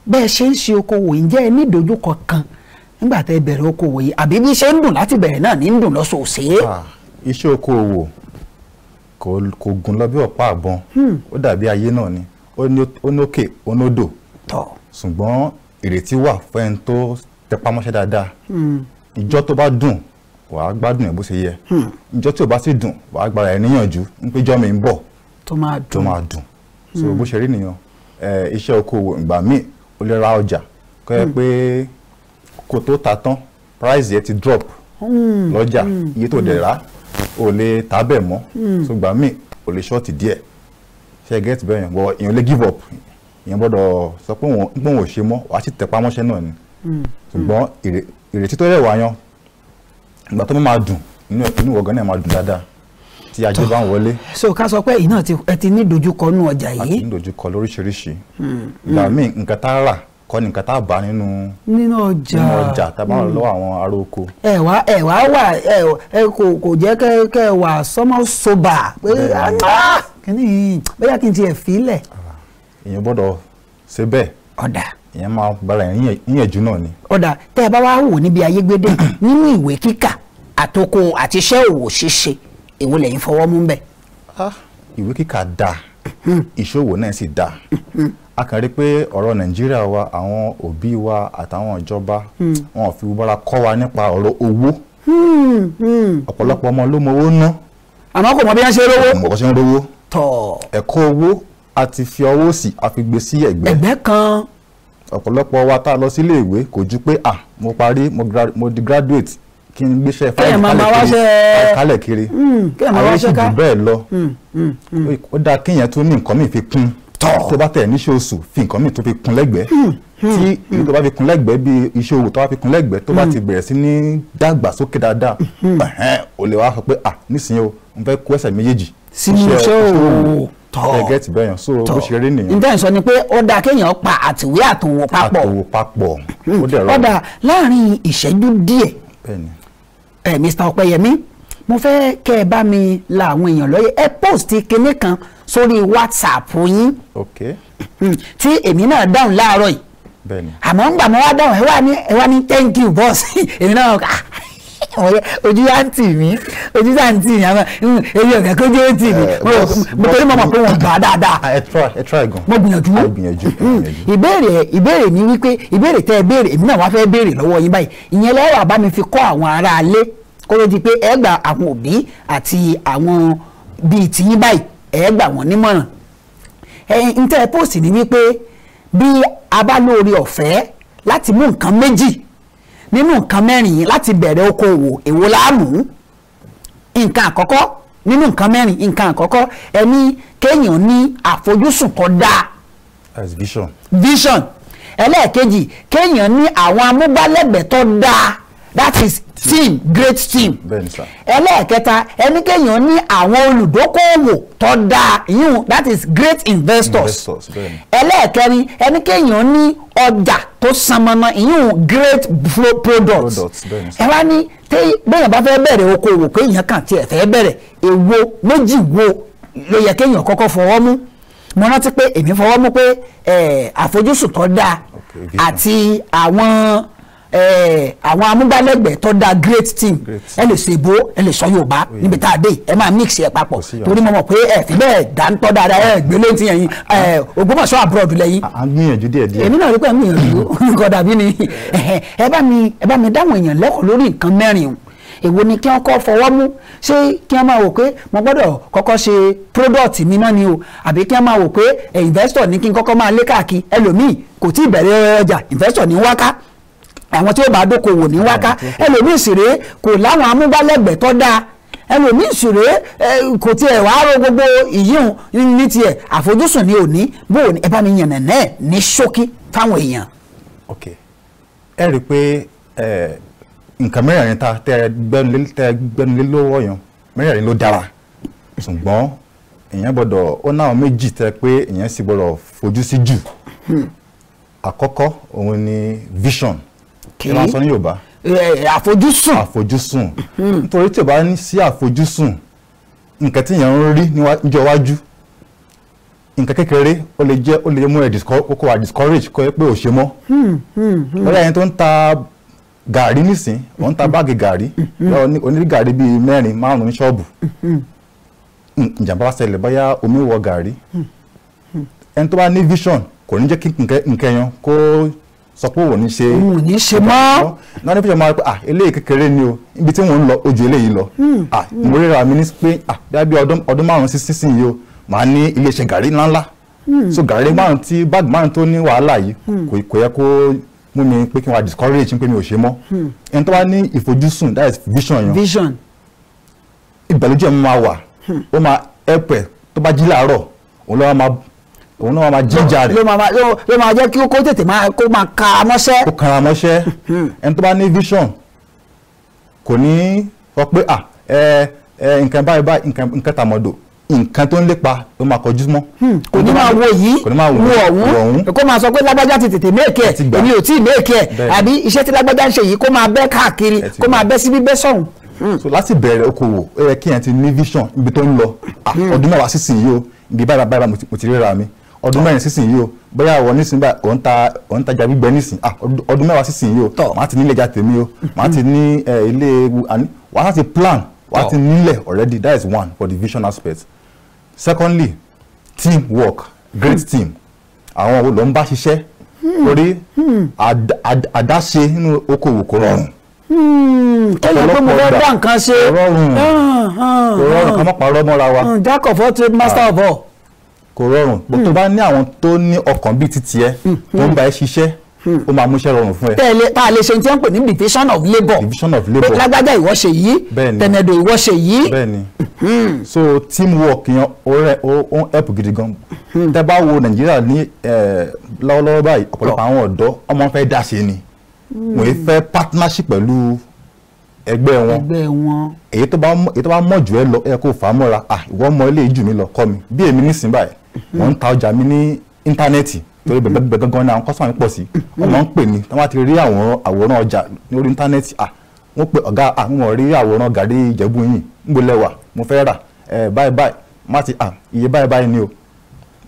bẹ́ẹ̀ ṣe ń ṣe okòwò ǹjẹ́ ẹ ní ìdojúkọ kan nígbà tẹ́ ẹ bẹ̀rẹ̀ okòwò yìí àbí bí ṣe ń dùn láti bẹ̀rẹ̀ náà ní ń dùn lọ́sọ̀ọ̀sẹ̀. Ah,
iṣẹ́ okòwò kò gùn lọ bí ọ̀pá àbọn hmm. ó dàbí ayé náà ni ó ní òkè ó ní odò ṣùgbọ́n ìrètí wà fún ẹni tó tẹpámọ́ṣẹ́ dáadáa hmm. ìjọ́ tó bá dùn wàá gbádùn ẹ̀ bó ṣe yẹ hmm. ìjọ́ tí ò bá sì dùn wàá gbára ẹ̀ níyànjú ń pé jọ́ ń bọ̀
tó máa dùn tó máa dùn so hmm. bó
ṣe rí nìyẹn iṣẹ́ okòwò ìgbà míì ó lè ra ọjà kọ́ ẹ pé kò tó ta tán price yẹ ti drop lọ́jà iye tó dẹ̀ rà ò lè ta bẹ̀ mọ́ so ìgbà míì ò lè ṣọ́ọ̀tì díẹ̀ ṣe get bẹ́ẹ̀ yẹn wọ ìyẹn lè give up ìyẹn gbọ́dọ̀ sọ pé òun ò ṣe mọ́ wàá sì tẹpá mọ́ṣẹ́ náà ni ṣùgbọ́n ìrètí tó rẹwà yan ìgbà tó máa dùn inú ọ̀gán náà máa dùn dáadáa tí ajé bá ń wọlé. so ká sọ pé iná ẹ ti ní dojúkọ nínú ọjà yìí. a ti ní dojúkọ lóríṣiríṣi hmm. ìgbà hmm. míì nǹkan tá a rà kọ́ ni nǹkan tá a bá nínú
nínú ọjà nínú tá a bá hmm. lọ́wọ́
àwọn ará oko.
ẹ wá ẹ wá wà ẹ ẹ kò kò jẹ́ kẹ́
kẹ́ wà sọ́mọ́ soba pé ah,
kí ni bóyá kí n tiẹ̀ fi í lẹ̀.
èèyàn gbọ́dọ̀ ṣe bẹ́ẹ̀. ọ̀dà ìyẹn máa bára ìyànjú náà ni. ọ̀dà
tẹ́ ẹ bá wá wò níbi ayégbédé nínú ìwé kíkà àtòkò àti iṣẹ́
òwò ṣíṣe
èwo lẹ́yìn fọwọ́ mú bẹ́ẹ̀. Ah,
ìwé kíkà dáa ìṣòwò náà sì dáa a kàn rí pé ọ̀rọ̀ nàìjíríà wa àwọn òbí wa àtàwọn ìjọba hmm. wọn ò fi bára kọ́ wa nípa ọ̀rọ̀ owó hmm, hmm. ọ̀pọ̀lọpọ̀ ọmọ ló mọ owó ná. àmọ́ kò mọ bí wọ́n ṣe rówó. kò mọ bí rówó. tọ́ ẹ̀kọ́ owó a ti fi ọwọ́ sí a fi gbé sí ẹ̀gbẹ́. ẹ̀gbẹ́ kan ọ̀pọ̀lọpọ̀ wa tá a lọ sílé ìwé kò ju pé ah mo parí mo di graduate kí n gbéṣẹ́ fáìlì kálẹ̀ kiri
hmm, ayé sì jù bẹ́ẹ̀
lọ hmm, hmm, ó dáa kéèyàn tó ní nǹkan mìíràn fi kún tó bá tẹ̀ níṣẹ́ oṣù fi nǹkan mìíràn tó fi kún lẹ́gbẹ̀ẹ́ tí tó bá fi kún lẹ́gbẹ̀ẹ́ bí iṣẹ́ owó tó bá fi kún lẹ́gbẹ̀ẹ́ tó bá ti bẹ̀rẹ̀ sí ní dàgbàsókè dáadáa ò lè wá sọ pé ah nísìnyí o n fẹ́ kó ẹsẹ̀ méjèèjì sínú iṣẹ́ owó tọ̀. get gẹ́tì bẹ́yàn so bó ṣe rí nìyẹn. ǹjẹ́ ìsọ ni pé ó dáa kéèyàn pa àtìwé àtòwò papọ̀. àtòwò papọ̀ hmm. ó dẹ̀ rọrùn. ó dáa
láàrin ìṣẹ́jú díẹ̀ ẹ Mr. Ọpẹ́yẹmí mo fẹ́ kẹ́ ẹ bá mi la àwọn èèyàn lóye ẹ post kinní kan sórí WhatsApp yín hmm. tí èmi náà dáhùn láàárọ̀ yìí àmọ́ ń gbà mọ́ wá dáhùn ẹ wá ní thank you boss èmi náà ah, ọ̀rẹ́ ojú yá ń tì mí ojú yá ń tì mí àwọn èyí hmm, ọ̀gá kó jẹ́ tì mí mo torí mọ̀ mọ̀ pé wọ́n gbà á dáadáa
mo hmm, gbìyànjú
ìbéèrè ìbéèrè ni wípé ìbéèrè tẹ́ ẹ béèrè èmi náà wá fẹ́ béèrè lọ́wọ́ yín báyìí ìyẹn lẹ́wà bá mi fi kọ́ àwọn ará ilé kó ló di pé ẹ gba àwọn òbí àti àwọn bíi tìyín báyìí ẹ gbà wọ́n nímọ̀ràn ẹ̀yin tẹ́ ẹ post ni wípé bí a bá lóore ọ̀fẹ́ láti mú nǹkan méjì nínú nǹkan mẹ́rin yìí láti bẹ̀rẹ̀ okòwò èwo láàmú nǹkan àkọ́kọ́ nínú nǹkan mẹ́rin nǹkan àkọ́kọ́ ẹni kéèyàn ní àfojúsùn tó dáa. as vision. vision ẹlẹ́ẹ̀kejì kéèyàn ní àwọn amúgbálẹ́gbẹ̀ẹ́ tó dáa that is team great team ẹlẹ́ẹ̀kẹta ẹni kéèyàn ní àwọn olùdókòwò tó dáa yíyún that is great investors ẹlẹ́ẹ̀kẹrin ẹni kéèyàn ní ọjà tó sanmọ́nà yíyún great products ẹ wá ní bẹ́ẹ̀ bá fẹ́ bẹ̀rẹ̀ okòwò kéèyàn kàn tiẹ̀ fẹ́ bẹ̀rẹ̀ èwo méjì wo ló yẹ kéèyàn kọ́kọ́ fọwọ́ mú mo rántí pé èmi fọwọ́ mú pé eh, àfojúsùn tó dáa àti àwọn àwọn amúgbálẹ́gbẹ̀ẹ́ tó dá great team ẹ lè ṣèbó ẹ lè sọ Yorùbá mm. níbi tá a dé ẹ máa mix ẹ papọ̀ torí mo mọ̀ pé ẹ fi bẹ́ẹ̀ dáńtọ́ dáadáa ẹ gbélé ti yẹn Ògbómọ̀ṣọ́
abroad lẹ́yìn. à ń gbìyànjú díẹ̀ díẹ̀.
èmi náà rí pé ń gbìyànjú nǹkan dàbí ni ẹ bá mi ẹ bá mi dáwọn èèyàn lẹ́kọ̀ọ́ lórí nǹkan mẹ́rin o èwo ni kí wọn kọ fọwọ́ mú ṣé kí wọn máa wò pé mo gbọ́dọ̀ kọ́kọ́ ṣe product mi mọ́ ni o àbí kí wọn máa wò pé investor ní kí n kọ́kọ́ máa lé káàkiri ẹlòmíì kò tí ì bẹ̀rẹ̀ ọjà investor ní wákà àwọn tí ó bá dókòwò ní wáká ẹlòmíì sì rèé kò láwọn amúgbálẹ́gbẹ̀ẹ́ tó dáa ẹlòmíì sì rèé kò tiẹ̀ wàá ro gbogbo ìyíhun ní tiẹ̀ àfojúsùn ni òní bó o ní ẹ bá mi yànnà náà ní ṣókí fáwọn èèyàn. ok
ẹ rí i pé nǹkan mẹ́rẹ̀ẹ̀rin ta tẹ gbẹnulé lọ́wọ́ yẹn ló dára ṣùgbọ́n èèyàn gbọ́dọ̀ ó náà méjì tẹ pé èèyàn sì gbọ́dọ̀ fojú sí jù hmm. àkọ́kọ́ òun ni vision. Hmm kí. ẹ máa sọ ní yorùbá. àfojúsùn. àfojúsùn nítorí tí o bá ní sí àfojúsùn nǹkan tí èèyàn ń rí níjọ́ iwájú nǹkan kékeré ó lè jẹ́ ó lè mú ẹ kókó wa discourage kó yẹ pé ò ṣe mọ́.
Hmm, hmm, hmm. lọ́dọ̀ ẹni
tó ń ta gàrí nísìn ó ń ta báàgì gàrí onírí gàrí bíi mẹ́rin márùn-ún ṣọ́ọ̀bù ìjàmbá ṣẹlẹ̀ bóyá omi wọ gàrí ẹni tó bá ní vision kò ní jẹ́ kí nǹkan yan kó sọ pé òun ní ṣe òun ní ṣe mọ́ náà ní fíjọ máa rẹ pé ah eléyìí kékeré ni o ibi tí mò ń lọ ojú eléyìí lọ ah mo ríra mi ní pé ah bí ọdún márùn sísìn yìí o màá ní iléeṣẹ́ gàrí ńláńlá hmm. so gàrí márùn-ún tí báàgì márùn-ún tó ní wàhálà yìí hmm. kò yẹ kó mú mi pé kí n wá discourage pé mi ò ṣe mọ́ ẹni tó bá ní ìfojúsùn that is vision yan vision ìgbàlódé mi máa wà ó máa help ẹ tó bá jí láàárọ̀ òun lọ́wọ́ máa òun náà máa jíjà rẹ̀ ló máa jẹ́ kí ó tètè kó máa kara mọ́ṣẹ́. kó kara mọ́ṣẹ́ hmm. ẹni tó bá ní vision kò ní sọ pé à ẹ ẹ nǹkan báyìí báyìí nǹkan tàmọ̀dò nǹkan tó ń lépa ló máa kọjú mọ́. Hmm. kò ní máa wo yìí kò ní máa wo ọ̀hún kó máa sọ pé lágbájá ti tètè méèkì ẹ̀ èmi ò tí ì àbí iṣẹ́ tí lágbájá ń ṣe yìí kó máa bẹ́ káàkiri kó máa bẹ́ síbí bẹ́ sọ̀hún. Hmm. so láti bẹ̀rẹ̀ okòwò ó yẹ kí ẹ ti ní vision ibi tó ń lọ ọdún mẹ́wàá sísìn yìí o ibi báyìí báyìí mo ti ríra mi ọdún mẹ́rin sísìn yìí o bóyá àwọn nísìn bá òun ta òun tajà gbígbẹ nísìn ah, ọdún mẹ́wàá sísìn yìí o màá ti nílẹ̀ ja tèmi o màá ti ní eh, ilé ewu wàá ti plan wàá ti nílẹ̀ already that is one for the vision aspect secondly team work great hmm. team àwọn wo ló ń bá ṣiṣẹ́ hmm. torí hmm. àdáṣe nínú okòwò kò rọrùn
tẹ́lẹ̀ pé mo fẹ́ dá nǹkan
ṣe rọrùn
ah, ah,
kò rọrùn ká má parọ́ mọ́ra wa.
jack of all trades master of all kò rọrùn bó tó hmm. bá ní àwọn tó ní ọkàn bíi titi ẹ hmm. tó ń hmm. bá ẹ ṣiṣẹ́ ó máa múṣẹ́ rọrùn fún ẹ. tẹ́lẹ̀ tá a lè ṣe ní tí wọ́n pè ní division of labour division of labour pé lágbájá ìwọ ṣe yìí tẹ̀nẹ̀dọ̀ ìwọ ṣe yìí. bẹ́ẹ̀ni so teamwork yẹn ó ń help gidi gan tẹ́ bá wo nàìjíríà ní lọ́wọ́lọ́wọ́ báyìí ọ̀pọ̀lọpọ̀ àwọn ọ̀dọ́ ọmọ fẹ́ dá sí ni wọ́n fẹ́ partnership pẹ̀lú ẹgbẹ́
wọn
èyí tó bá mọ̀ jù ẹ lọ ẹ kó fà á mọ́ra ah ìwọ mọ ilé ìjù mi lọ kọ́ mi bí èmi nísìnyí báyìí wọ́n ń ta ọjà mi ní íńtánẹ́ẹ̀tì torí bẹ̀bẹ̀ gangan ni àwọn kọ́sọ̀mù pọ̀ sí wọ́n máa ń pè mí tí wọ́n ti rí àwòrán ọjà lórí íńtánẹ́ẹ̀tì à wọ́n pe ọ̀gá à mo rí àwòrán gàrí ìjẹ̀bú yìí ń bo lẹ́wà mo fẹ́ rà ẹ̀ báyìí báyìí má ti à iye báyìí báyìí ni o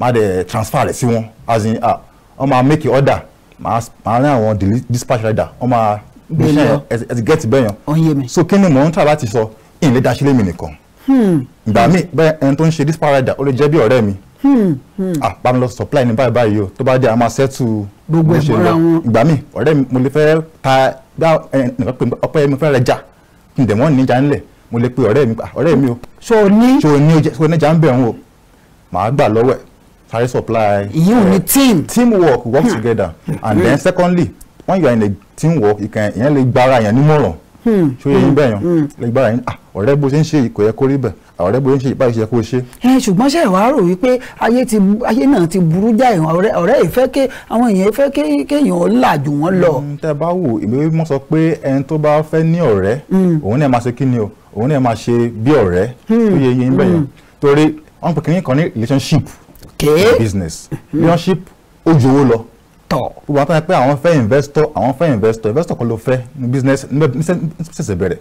má dẹ̀ transfer rẹ̀ sí wọn as in à wọ́n máa make order máa rán àwọn dispatch rider wọ́n máa gbéṣẹ́ ẹ̀ ti get bẹ́yàn so kí ni mò ń tà láti sọ ìlédàsílẹ̀ mi nìkan hmm. ìgbà míì bẹ́ẹ̀ ẹni tó ń ṣe dispatch rider ó lè jẹ́ bí ọ̀rẹ́ mi àpamọ́ hmm, hmm. ah, lọ supply ní báyìí báyìí o tó bá jẹ́ a máa ṣẹ́tù gbogbo ẹ̀ mọ́ra wọn ìgbà mi ọ̀rẹ́ mi mo lè fẹ́ ta gbá nǹkan pé ọpẹ́ mi fẹ́ rẹ̀ jà kí n dẹ̀ wọ́n níjà ńlẹ̀ mo lè pe ọ̀rẹ́ mi ah, ọ̀rẹ́ mi o. ṣo ní ṣo ní ṣo níjà ń bẹ̀ ń wò màá gbà lọ́wọ́ ẹ̀ sáré supply. ìyíwò ni team. team work work hmm. together and then secondly when you are in a team work ìkànnì ìyẹn lè gbára yẹn nímọ̀ràn ṣó yẹ yín bẹ́ẹ̀ yẹn lè gbára yẹn ah ọ̀rẹ́ bó ṣe ń ṣe yìí kò yẹ kó rí bẹ̀ ọ̀rẹ́ bó ṣe ń ṣe yìí báyìí ṣe yẹ kó ṣe.
ẹ ṣùgbọ́n ṣe ìwà rò wípé ayé ti ayé náà ti burú jáì ọ̀rẹ́ ọ̀rẹ́ ìfẹ́ ké àwọn èèyàn ìfẹ́ ké kéèyàn là jù wọ́n lọ. Hmm,
tẹ bá wò ìwé mímọ́ sọ pé ẹni tó bá fẹ́ ní ọ̀rẹ́ hmm. òun náà máa ṣe kí ni o òun náà máa ṣe bí ọ̀rẹ́ tó hmm. yẹ yín bẹ̀yẹn torí wọ́n pè kínní ní relationship business relationship ó ju owó lọ tọ̀. gbogbo àtàwọn pé àwọn fẹ́ investor àwọn fẹ́ investor investor kan ló fẹ́ business ní sẹ̀sẹ̀ bẹ̀rẹ̀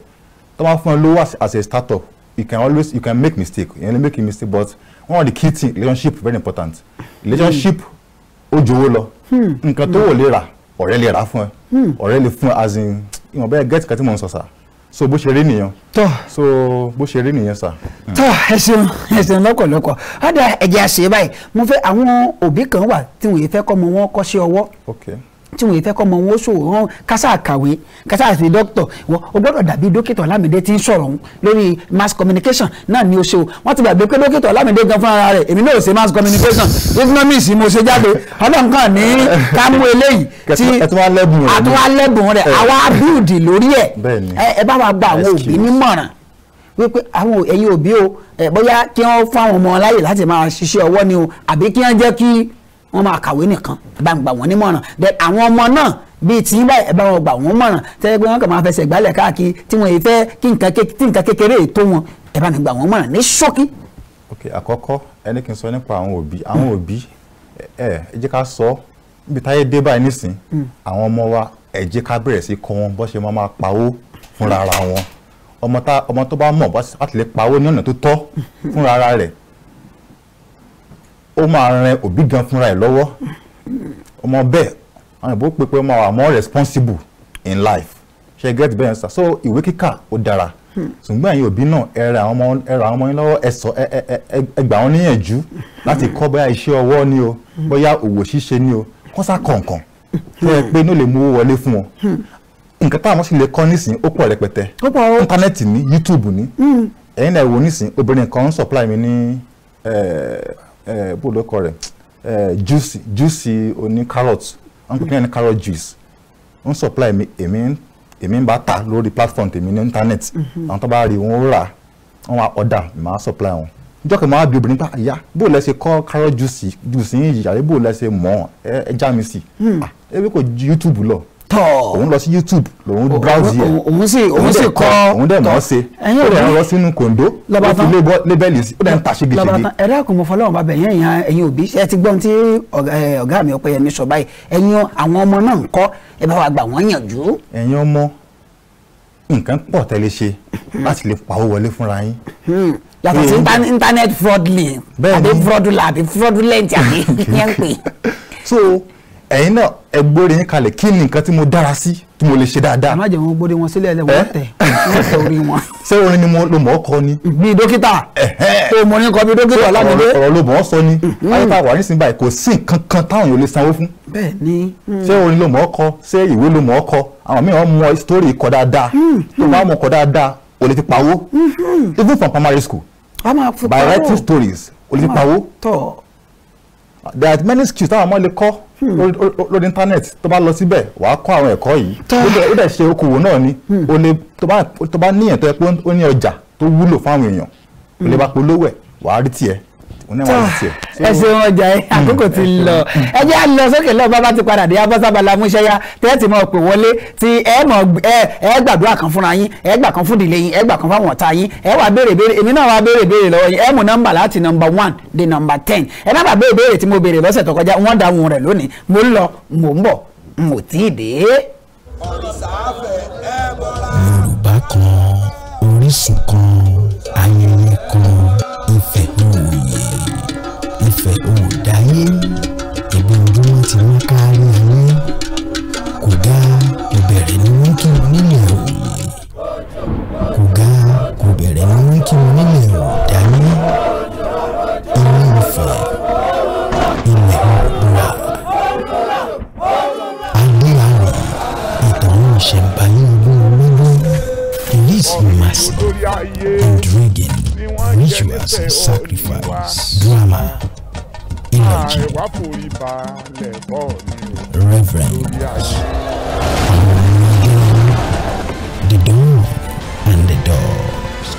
tó bá fún ẹ lówó as a startup you can always you can make mistake you can make a mistake but one of the key things relationship very important relationship ó jowó lọ hmm. nǹkan tó wò lè rà ọ̀rẹ́ lè rà fún ẹ hmm. ọ̀rẹ́ lè fún ẹ as in ìwọ̀n bẹ́ẹ̀ get kẹ́tí mò ń sọ so bó ṣe rí nìyẹn tọ́ so bó ṣe rí nìyẹn sà. Hmm. tọ́ ẹ ṣeun ẹ ṣeun lọ́kọ̀lọ́kọ̀ ọ̀dà ẹ̀jẹ̀ àṣẹ báyìí mo fẹ́ àwọn òbí kan
wà tí wọ́n yẹ fẹ́ kọ́ ọmọ wọn kọ́ sí ọwọ́. okay tí wọ́n fẹ́ kọ́ ọmọ wọn ó ṣòwò kásá kàwé kásá sí dókítọ̀ wọ́n o gbọ́dọ̀ dàbí dókítà Ọlámídé tí ń sọ̀rọ̀ òun lórí mass communication náà ni o ṣe o wọ́n ti gbàgbé pé dókítà Ọlámídé gan fún ara rẹ̀ èmi náà ò ṣe mass communication economics mo ṣe jáde ọlọ́nkàn ní kámú eléyìí tí àtúwálẹ́bùn rẹ̀ àwa bíùdì lórí ẹ̀ ẹ bá wa gba àwọn òbí nímọ̀ràn wípé àwọn ẹ̀yin òbí o bóyá kí wọ́n fún àwọn ọmọ láyè láti máa ṣiṣẹ́ ọwọ́ ni o àbí kí wọ́n jẹ́ kí wọ́n máa kàwé nìkan ẹ bá ń gbà wọ́n nímọ̀ràn bẹ́ẹ̀ àwọn ọmọ náà bíi tí yín báyìí ẹ bá wọn gbà wọ́n mọ̀ràn tẹ́lẹ̀ pé wọ́n kàn máa fẹsẹ̀ gbálẹ̀ káàkiri tí wọ́n fẹ́ kí nǹkan kékeré tó wọn ẹ bá ní gbà wọ́n
mọ̀ràn ní ṣókí. ok àkọ́kọ́ ẹni kì í sọ nípa àwọn òbí àwọn òbí ẹ ẹ jẹ́ ká sọ níbi táyé dé báyìí nísìn hmm. àwọn ọmọ wa ẹ jẹ́ ká bẹ̀rẹ̀ sí kọ́ wọn bó ṣe máa máa pawó fúnra ara wọn ọmọ tó bá mọ̀ bá tilẹ̀ pawó ní ọ̀nà tó tọ́ hmm. fúnra ara rẹ̀ ó máa ran òbí gan fúnra ẹ̀ lọ́wọ́ ọmọ bẹ́ẹ̀ àwọn ìbò pé pé ó máa more responsible in life ṣe get bẹ́ẹ̀ sá so ìwé kíkà ó dára ṣùgbọ́n ẹ̀yin òbí náà ẹ ra àwọn ọmọ yín lọ́wọ́ ẹ sọ ẹ gbà wọ́n níyànjú láti kọ́ bóyá iṣẹ́ ọwọ́ ni o bóyá òwò ṣíṣe ni o kọ́sà kọ̀ọ̀kan tó yẹ pé ní ó lè mú owó wọlé fún wọn nǹkan táwọn sì lè kọ́ nísìnyí ó pọ̀ rẹpẹtẹ íńtánẹ́ẹ̀tì ní YouTube ní hmm. ẹ̀yin náà wò nísìnyí obìnrin kan ń supply mi ní Eh, bóòlù ọkọ rẹ̀ juice eh, juice oní carrot wọ́n pè é ní carrot juice ń supply mi èmi èmi ń bá ta lórí platform tèmi ní internet mhm. àwọn tó bá rí wọn rà wọn wá order màá supply wọn ìjọ kan máa bí obìnrin pa àyà bó lẹ ṣe kọ carrot juice juice yín yìí àbí bó lẹ ṣe mọ ẹ já mi sí ebi hmm. ah, kò YouTube lọ tọ̀ òun lọ sí youtube lòun browse yẹ òun sì òun sì kọ́ òun dẹ̀ mọ̀ ọ́ ṣe ó dẹ̀ ń lọ sínú kòńdó ó fi lébẹ́lì ó dẹ̀ ń ta ṣégeṣége.
ẹ̀rọ àkùnmọ̀ fọlọ́run bá bẹ̀yẹ̀ ìyá ẹ̀yin òbí ẹ ti gbọ́n tí ọ̀gá mi Ọpẹ́yẹmí sọ báyìí ẹ̀yin àwọn ọmọ náà ń kọ́ ẹ bá wa gbà wọ́n yànjú. ẹ̀yin
ọmọ nǹkan pọ̀ tẹ́lẹ̀ ṣe hmm. láti lè pawó wọlé fúnra yín. Hmm. yàtọ̀ sí internet fraudulent àbí fraudulent àbí fraudulent àbí yẹn ń pè. so ẹ̀yin náà ẹ gbórí yín kalẹ̀ kí ni nǹkan tí mo dára sí tí mo lè ṣe dáadáa. ẹ má jẹ́ wọn gbórí wọn sílẹ̀ ẹlẹ́ wọ́n tẹ̀ wọ́n tẹ orí wọn. ṣé orin ni mo lo mọ̀ ọ́ kọ ni. bí dókítà tó mo ní kọ bí dókítà lámìdé. ọ̀rọ̀ ló mọ̀ ọ́ sọ ni mm-hmm. ayé tá a wà nísìnyí báyìí kò sí nǹkan kan táwọn yóò lè sanwó fún. bẹ́ẹ̀ ni. ṣé orin ló mọ̀ ọ́ kọ ṣé ìwé ló mọ̀ ọ́ kọ àwọn mìíràn mọ sítórí kọ dáadáa mm-hmm. tó bá mọ o lè ti pawó mm-hmm. even from primary school
by writing stories
o lè ti there are many skills táwọn ọmọ lè kọ́ hmm. lórí íńtánẹ́ẹ̀tì tó bá lọ síbẹ̀ wà á kọ́ àwọn ẹ̀kọ́ yìí ó dẹ̀ ṣe okòwò náà ni hmm. o lè tó bá níyàn tó yẹ pé ó ní ọjà tó wúlò fáwọn èèyàn o lè bá polówó ẹ̀ wà á rí tiẹ̀ òun náà wà ní tiẹ̀. ẹ ṣeun ọjà ẹ àkókò ti lọ
ẹ jẹ́ à sókè lọ́ọ̀ bá bá ti padà dé abọ́sábala múṣẹ́yá tẹ́ẹ̀tì mọ̀ pé wọlé tí ẹ mọ̀ ẹ gbàdúrà kan fúnra yín ẹ gbà kan fún ìdílé yín ẹ gbà kan fáwọn ọ̀tá yín ẹ wà béèrè béèrè èmi náà wà béèrè béèrè lọ́wọ́ yín ẹ mú nọ́mbà láti nọ́mbà one dé nọ́mbà ten ẹ má bàa béèrè béèrè tí mo béèrè lọ́sẹ̀ tó kọjá wọ́n dáhùn rẹ̀ lónìí mo lọ mo ń bọ̀ n tí
ayẹyẹ kan ayé ìgbìyànjúmọ́ ti mú kárí ayé kò dá kò bẹ̀rẹ̀ ni wọ́n
kí wọn nílẹ̀ òòyì kò dá kò bẹ̀rẹ̀ ni wọ́n kí wọn nílẹ̀ òòdáyé ilé Ifẹ̀ ilẹ̀ òbúra adé àrè ìtàn ìṣẹ̀ǹbáyé ọdún olóńgbé release mercy and regain
rituals and
sacrifice drama ní nàìjíríà. àìwá forí balẹ̀ bọ́ mi reverend
the dawn and the doors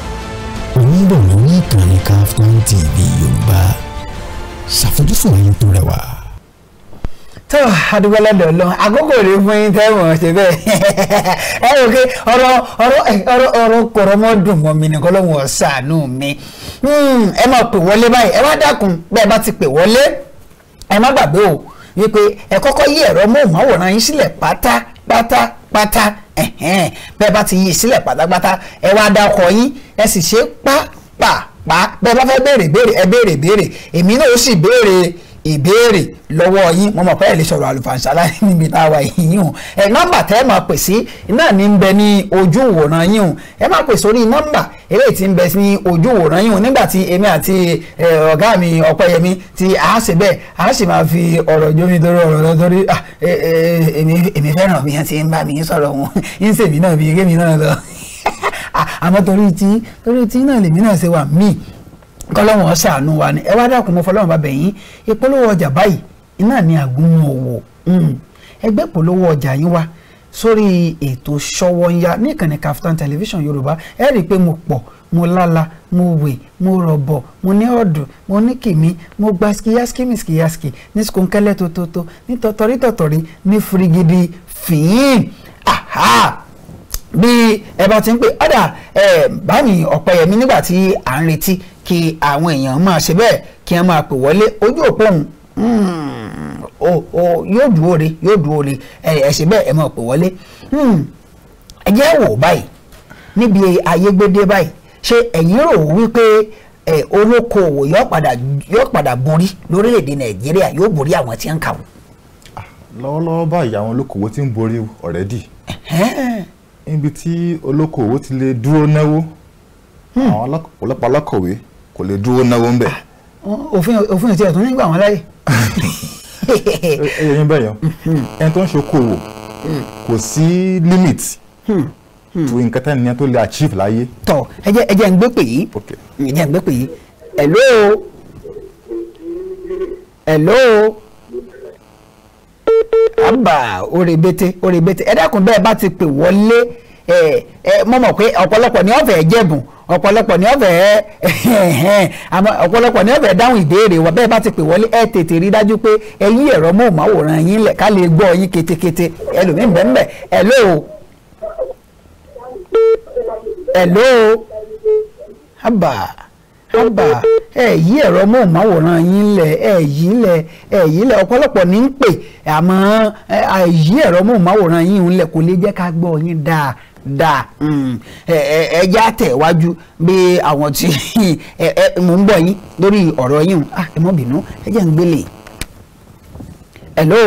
onígbọ̀nà oníkànnì Kaftan TV yorùbá ṣàfojúsùn ayé tó rẹwà
tó adúgbò lọ́dọ̀ lọ àkókò rè fún yín tẹ́wọ̀n ṣe bẹ́ẹ̀ ẹ rò pé ọ̀rọ̀ ọ̀rọ̀ ọ̀rọ̀ ọ̀rọ̀ kọ̀rọ̀ mọ́ dùn mọ́ mi nìkan lọ́wọ́ ṣàánú mi hmm, ẹ máa pè wọlé báyìí ẹ wá dákun bẹ́ẹ̀ bá ti pè wọlé ẹ má gbàgbé o wípé ẹ kọ́kọ́ yí ẹ̀rọ móhùnmáwòrán yín sílẹ̀ pátápátápátá bẹ́ẹ̀ bá ti yí sílẹ̀ pátápátá ẹ wá dá ọkọ̀ yín ẹ sì ṣe pápápá bẹ́ẹ̀ bá fẹ́ béèrè béèrè ẹ béèrè béèrè èmi náà ó sì béèrè ìbéèrè lọ́wọ́ yín mo mọ̀ pé ẹ̀ lè sọ̀rọ̀ àlùfàǹṣà láì níbi tá a wà yìí hùn ẹ̀ nọ́mbà tẹ́ ẹ máa pè sí náà ní ń bẹ ní ojú ìwòran yín hùn ẹ máa pè sórí nọ́mbà eléyìí tí ń bẹ ní ojú ìwòran yín hùn nígbà tí èmi àti ọ̀gá mi ọ̀pẹ́yẹmí ti a ṣe bẹ́ẹ̀ a sì máa fi ọ̀rọ̀ jómi torí ọ̀rọ̀ lọ èmi fẹ́ràn mi àti ń bá mi sọ̀rọ̀ wọn ń ṣèmi náà bí kémi náà lọ àmọ́ torí tí torí tí náà lèmi náà ṣe wà míì kọ́lọ́wọ́n ṣàánú wa ni ẹ wá dákun mọ́ fọlọ́wọ́n bá bẹ̀yìn ìpolówó ọjà báyìí iná ní àgúnmu òwò hmm. ẹgbẹ́ ìpolówó ọjà yín wa sórí ètò Ṣọ́wọ́nyá ní ìkànnì Kaftan television Yorùbá ẹ rí i pé mo pọ̀ mo lálá mo wè mo rọ̀bọ̀ mo ní ọ̀dùn mo ní kìmí mo gba skiyaskimi skiyaski ní skunkẹ́lẹ́ tótótó ní tọ̀tọ̀rí tọ̀tọ̀rí ní firigidi fìyín bí ẹ bá ti ń pè ọ̀dà báyìí Ọ̀pẹ́yẹmí nígbà tí à ń retí kí àwọn èèyàn máa ṣe bẹ́ẹ̀ kí wọ́n máa pè wọlé ojú òpó òun hmm, yóò dúró re yóò dúró re ẹ ṣe bẹ́ẹ̀ ẹ máa pè wọlé hmm, ẹ jẹ́ wò báyìí níbi ayégbédé báyìí ṣé ẹ̀yin rò wípé olókoòwò yóò padà borí lórílẹ̀‐èdè nàìjíríà yóò borí àwọn tí ń kà wọ́n.
lọ́wọ́lọ́wọ́ báyìí àwọn olókoòwò ti ń borí ọ̀rẹ́dì níbi tí olókoòwò ti lè dúró náwó hmm. àwọn ọlọ́pàá ọlọ́kọ̀wé kò lè dúró náwó ń bẹ̀.
òfin òfin ìtì ẹ̀tún nígbà wọn láyè.
ẹyin bẹ́ẹ̀ yẹn ẹni tó ń ṣokòwò kò sí limit tu nǹkan tán nìyẹn tó lè achieve láyé. tọ ẹ jẹ́ ẹ jẹ́ ń gbé pè yí ẹ jẹ́ ń gbé pè yí hello hello
àbà orebete orebete ẹ dákun bẹ́ẹ̀ bá ti pè wọlé. Eh, eh, mo pé ọ̀pọ̀lọpọ̀ ni ọ̀fẹ́ jẹ̀bùn ọ̀pọ̀lọpọ̀ ni ọ̀fẹ́ ọ̀pọ̀lọpọ̀ ni ọ̀fẹ́ dáhùn ìbéèrè wa bẹ́ẹ̀ bá ti pè wọlé ẹ tètè rí dájú pé ẹ̀rọ ketekete ẹlòmíín bẹ́ẹ̀ haba haba ẹ̀rọ yín lẹ̀ lẹ̀ lẹ̀ ọ̀pọ̀lọpọ̀ ń pè àmọ́ ẹ̀rọ yín da, mm. ẹ jẹ́ àtẹ̀wájú bí àwọn tí mò ń bọ̀ yín lórí ọ̀rọ̀ yín ẹ mọ́ bínú ẹ jẹ́ ń gbélé. hello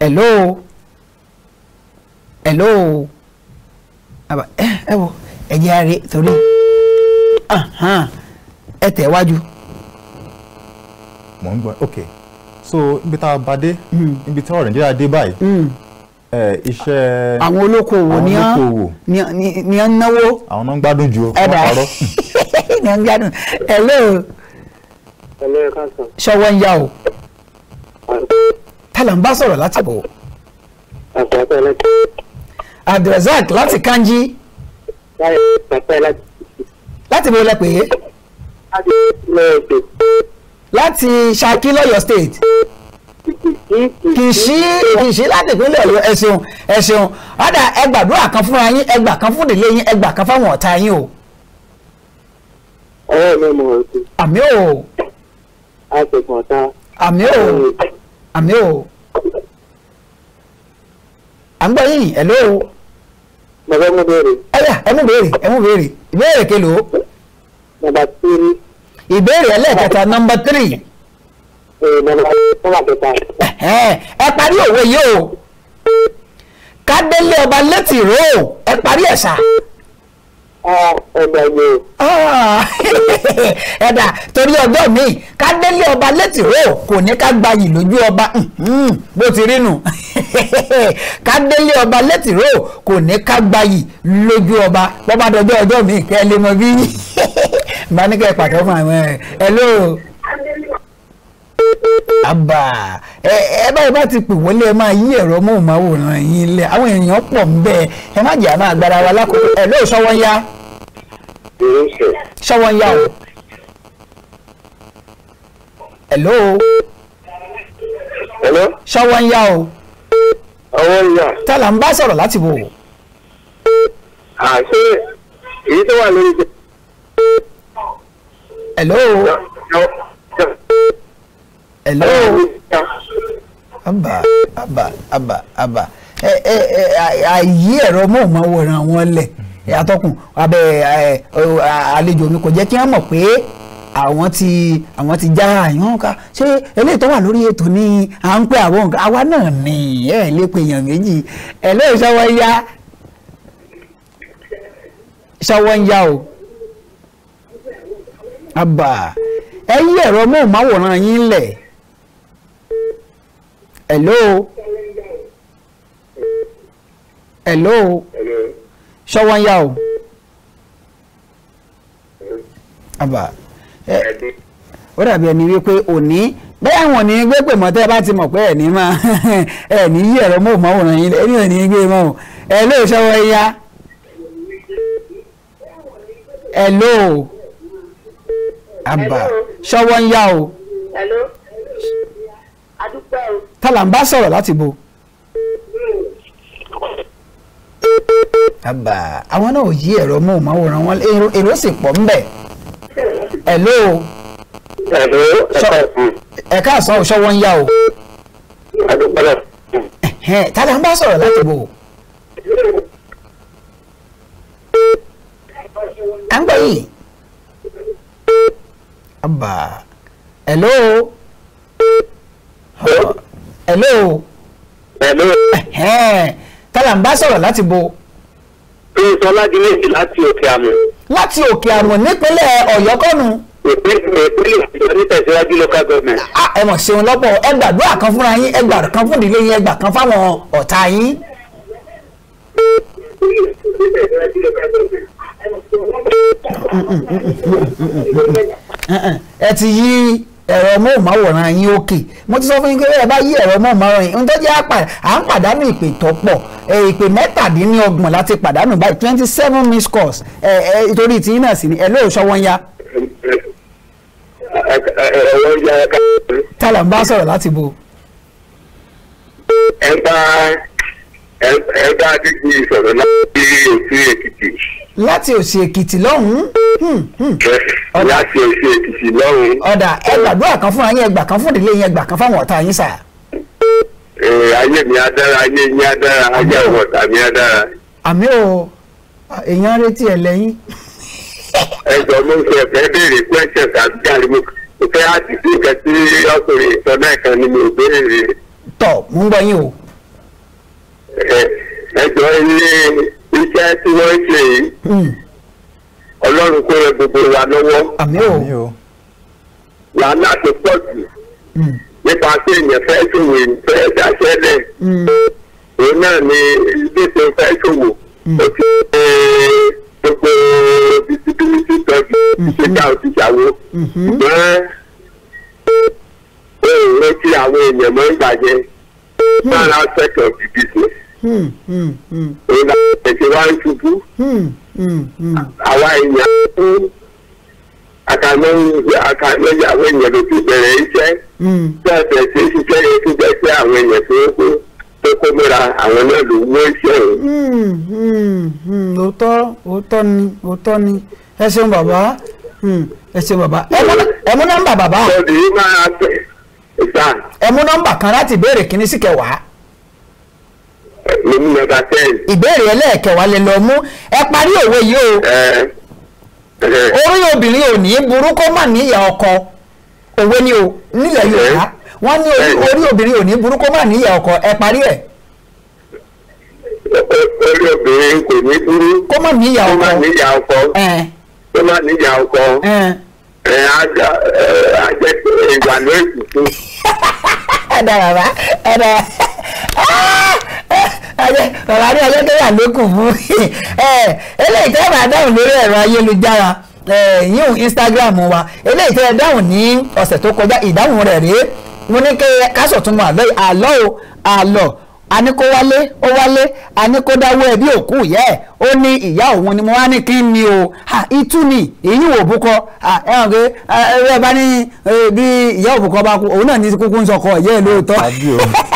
hello hello ẹ wọ ẹ jẹ́ àárẹ̀ torí
ẹ tẹ̀wájú. mò ń gbọ́ ok so ibi tá a bá dé mm. ibi tí ọ̀rọ̀ nàìjíríà dé báyìí. Mm iṣẹ́ àwọn olókoòwò ni à
ń
náwó.
àwọn náà ń gbádùn ju ọkọ àárọ̀.
ni à ń gbádùn hello. hello ẹ ṣọwọ́ ń yá o. tálà ń bá sọ̀rọ̀ láti bọ̀.
àpapẹ̀ láti.
abdulrasaq láti kanji. àpapẹ̀ láti. láti bó lẹ pè é. láti lọ́yọ̀ state. láti Ṣakí lọ́yọ̀ state kìsí kìsí láti ìpínlẹ̀ ọ̀yọ́ ẹ ṣeun ẹ ṣeun ọ̀dà ẹ gbàdúrà kan fúnra yín ẹ gbà kan fún ìdílé yín ẹ gbà kan fáwọn ọ̀tá yín o.
ọ̀rẹ́ mi mọ̀ ọ́ sí. àmì o. a ṣe kàn ta. àmì o àmì o. à ń gbọ́ yín
ẹ̀ ló. bàbá mi béèrè. ẹ̀yà ẹ mú béèrè ẹ mú béèrè ìbéèrè kelo. bàbá tí. ìbéèrè ẹlẹ́ẹ̀kẹta nọmba tírì ẹ parí òwe yìí o kádélé ọba létí rò ó ẹ parí ẹ ah, sá. ẹ̀dà torí ọjọ́ mi kádélé ọba létí rò ó kò ní ká gbayì lójú ọba mm-hmm, bó ti rí nù kádélé ọba létí rò ó kò ní ká gbayì lójú ọba bọ́bá dọjọ́ ọjọ́ mi kẹ́ ẹ lè mọ bí bá ní kẹ́ ẹ pàtó fún àwọn ẹ̀ ẹ̀ lóò àbà ẹ báyìí bá ti pè wọlé ẹ máa yí ẹ̀rọ mọ́ọ̀máwòrán yín lẹ̀ àwọn èèyàn pọ̀ ń bẹ́ẹ̀ ẹ má jẹ́ àmọ́ agbára wa lákòókò ẹ lóò sọ́wọ́ yá sọ́wọ́ yá o hello hello sọ́wọ́ yá o ọwọ́ yá tálà ń bá sọ̀rọ̀ láti wò.
àṣé èyí tó wà lórí.
hello. hello? hello aba aba aba aba àyè
ẹ̀rọ mọ̀ọ́mọ́wòrán wọn lẹ̀ atọ́kùn abẹ́ àlejò mi kò jẹ́ kí wọ́n mọ̀ pé àwọn ti àwọn ti já àyàn ká ṣé eléyìí tó wà lórí ètò ní à ń pè àwọn nǹkan àwa náà ní ẹ lè pe èèyàn méjì ẹ lè ṣọwọ́ ya ṣọwọ́ ń ya o àbà ẹ yí ẹ̀rọ mọ̀ọ́mọ́wòrán yín lẹ̀ hello hello ṣọwọ́n yá o. àbá ẹ ó dàbí ẹni wípé òní bẹ́ẹ̀ àwọn ní gbé pè mọ́ tẹ́ bá ti mọ̀ pé ẹ̀ ní máa ẹ̀ ní yí ẹ̀rọ mọ́ òmọ́wòrán yín ẹ̀rí ẹ̀ ní gbé mọ́ o ẹ̀ ló ṣọwọ́ hello, ẹ̀ ló àbá o tala ń bá sọ̀rọ̀ láti bo. àbà àwọn náà ò yí ẹ̀rọ móhùnmáwòrán wọn èrò sì pọ̀ ńbẹ̀. hello. hello ẹ̀ka ọ̀sán. ẹ̀ka ọ̀sán òṣọ́wọ́ ń yá o. àdúgbò náà. tala ń bá sọ̀rọ̀ láti bo. à ń gbọ́ yìí.
àbà hello
hello. hello. tala ń bá sọ̀rọ̀ láti bo.
pínsọ ládìmẹ́sì láti òkè àmọ̀.
láti òkè àmọ̀ nípínlẹ̀ ọ̀yọ́ kọ́nu.
ìpínlẹ̀ ọ̀yọ́ nítẹ̀síwájú local government.
ẹ mọ̀ ṣeun lọ́pọ̀ ẹ gbàdúrà kan fúnra yín ẹ gbàdúrà kan fún ìdílé yín ẹ gbà kan fáwọn ọ̀tá yín. ẹ ti yí ẹ̀rọ mọ́ọ̀máwòrán yín òkè mo ti sọ fún yín pé ẹ bá yí ẹ̀rọ mọ́ọ̀máwòrán yín nítorí à ń pàdánù ìpè tó pọ̀ ìpè mẹ́tàdínlọ́gbọ̀n láti pàdánù báyìí twenty seven missed calls ìtorí tí yín náà sì ni ẹ lóò ṣọwọ́ ń yá. tálà ń bá sọ̀rọ̀ láti bo.
ẹ bá ẹ bá dídí ìsọ̀rọ̀ láti òsì
èkìtì láti òsì èkìtì lọ́hùn-ún. Hmm, hmm. láti òsì èkìtì lọ́hùn-ún. ọ̀dà ẹ gbàdúrà kan fún ayé ẹgbà kan fún ìdílé yín ẹgbà kan fáwọn ọ̀tá yín sà.
ayé mi á dára ayé yín á dára ayé àwọn ọ̀tá mi á dára.
àmì o èèyàn retí ẹ lẹ́yìn.
ẹ jọ mo ń fẹ́ fẹ́ béèrè pẹ́sẹ̀ tàbí àríwó ìfẹ́ àti ìfẹ́ tí ọkùnrin ìtọ́nà kan ni mi ò béèrè. tọ mo ń gbọ́ yín o. ẹ jọ ilé iṣẹ́ tí wọ́n ń ṣe yìí hmm. ọlọ́run kó rẹ gbogbo wa
lọ́wọ́
wàhálà tó pọ̀ jù hmm. nípa pé èèyàn fẹ́ ṣòwò fẹ́ dáṣẹ́ lẹ̀ hmm. òun náà ni ilé fẹ́ ṣòwò ó ṣe gbogbo bísíbísí tọ́jú ìṣèjà òṣìṣàwó ṣùgbọ́n òun rántí àwọn èèyàn mọ́ ń bàjẹ́ máa ra second business ìlà hmm, hmm, hmm. ẹ̀sẹ̀ wa ń ṣubú àwa èèyàn fún àkàlẹ́yìn àkàlẹ́yìn àwọn èèyàn ló ti bẹ̀rẹ̀ iṣẹ́ tí a bẹ̀rẹ̀ sí ṣiṣẹ́ yẹn tó jẹ́ pé àwọn èèyàn tó kó tó kó mẹ́ra àwọn náà ló wọ́ iṣẹ́
òun. òótọ́ òótọ́ ni òótọ́ ni ẹ ṣeun bàbá ẹ ṣeun bàbá ẹ mú nọ́mbà bàbá ẹ mú nọ́mbà kan láti béèrè kíní sí kẹwàá lómi nọ́mbà ten. ìbéèrè ẹlẹ́ẹ̀kẹwàá lọ mú ẹ parí òwe yìí o orí obìnrin ò ní burú kó má níyà ọkọ òwe ni o nílẹ̀ Yorùbá
wọ́n ní orí obìnrin ò ní burú kó má níyà ọkọ ẹ parí ẹ̀ orí obìnrin kò ní dúró. kó má níyà ọkọ kó má níyà ọkọ kó má níyà ọkọ ẹ ajá ajẹ ìgbà ló ẹ dára bá ẹ dára. ọ̀rọ̀ ní
ọlọ́dẹ́yà ló kù fún eh, eléyìí tẹ́ bá dáhùn lórí ẹ̀rọ ayélujára eh, yíyún Instagram wa eléyìí tẹ́ dáhùn ní ọ̀sẹ̀ tó kọjá ìdáhùn rẹ̀ rèé mo ní káṣọ̀ tún mọ àlọ́ àlọ́ o àlọ́ àníkó wálé ó wálé àníkó dáwọ́ ẹbí òkú ìyá ẹ̀ ó ní ìyá òun ni mo wá ní kí n ni o itú ni èyí wò búkọ ẹ hàn pé ẹ bá ní eh, bí ìyá òbúkọ bá kú òun náà ní kúkú ń sọkọ ìyá ẹ lóòótọ́.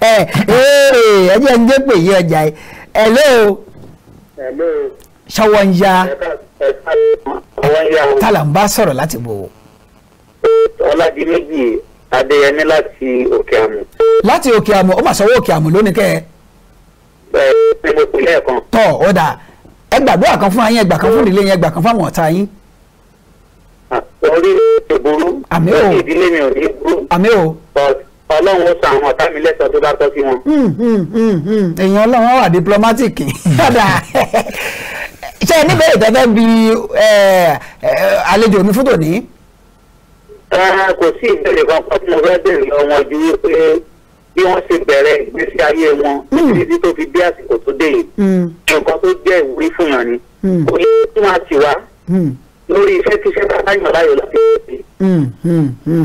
ẹ eh, ẹ jẹ́ ń jẹ́ yí ọjà yìí hello. hello. ṣọwọ́ ń ya. tálà ń bá sọ̀rọ̀ láti bò.
ọládìmẹ́jì adéyẹmí láti òkè àmù.
láti òkè àmù ó mà sọ owó òkè àmù lónìí kẹ́ ẹ. bẹ́ẹ̀ ni mo pè lẹ́ẹ̀kan. tọ ọ̀dà ẹ gbàdúrà kan fún ayé ẹgbà kan fún ìdílé yẹn ẹgbà kan fún àwọn ọ̀tá yín.
orí ìṣègùn àmì ò àmì ò ọlọ́run ó san àwọn ọ̀tá mi lẹ́sọ̀ tó bá tọ́ sí wọn. Hmm, hmm, hmm, èèyàn ọlọ́run wà
diplomatic kódà ṣe é níbẹ̀rẹ̀ tẹ́fẹ́ bí
àlejò mi fún tòní. kò sí ìbéèrè kankan tí mo fẹ́ béèrè lọ́wọ́ ju pé bí wọ́n ṣe bẹ̀rẹ̀ ìgbésí ayé wọn títí tó fi dé àsìkò tó dé yìí nǹkan tó jẹ́ ìwúrí fún yàn ni òye tí wọ́n á ti wá lórí iṣẹ́ tí iṣẹ́ bá yàn láyò láti ṣe.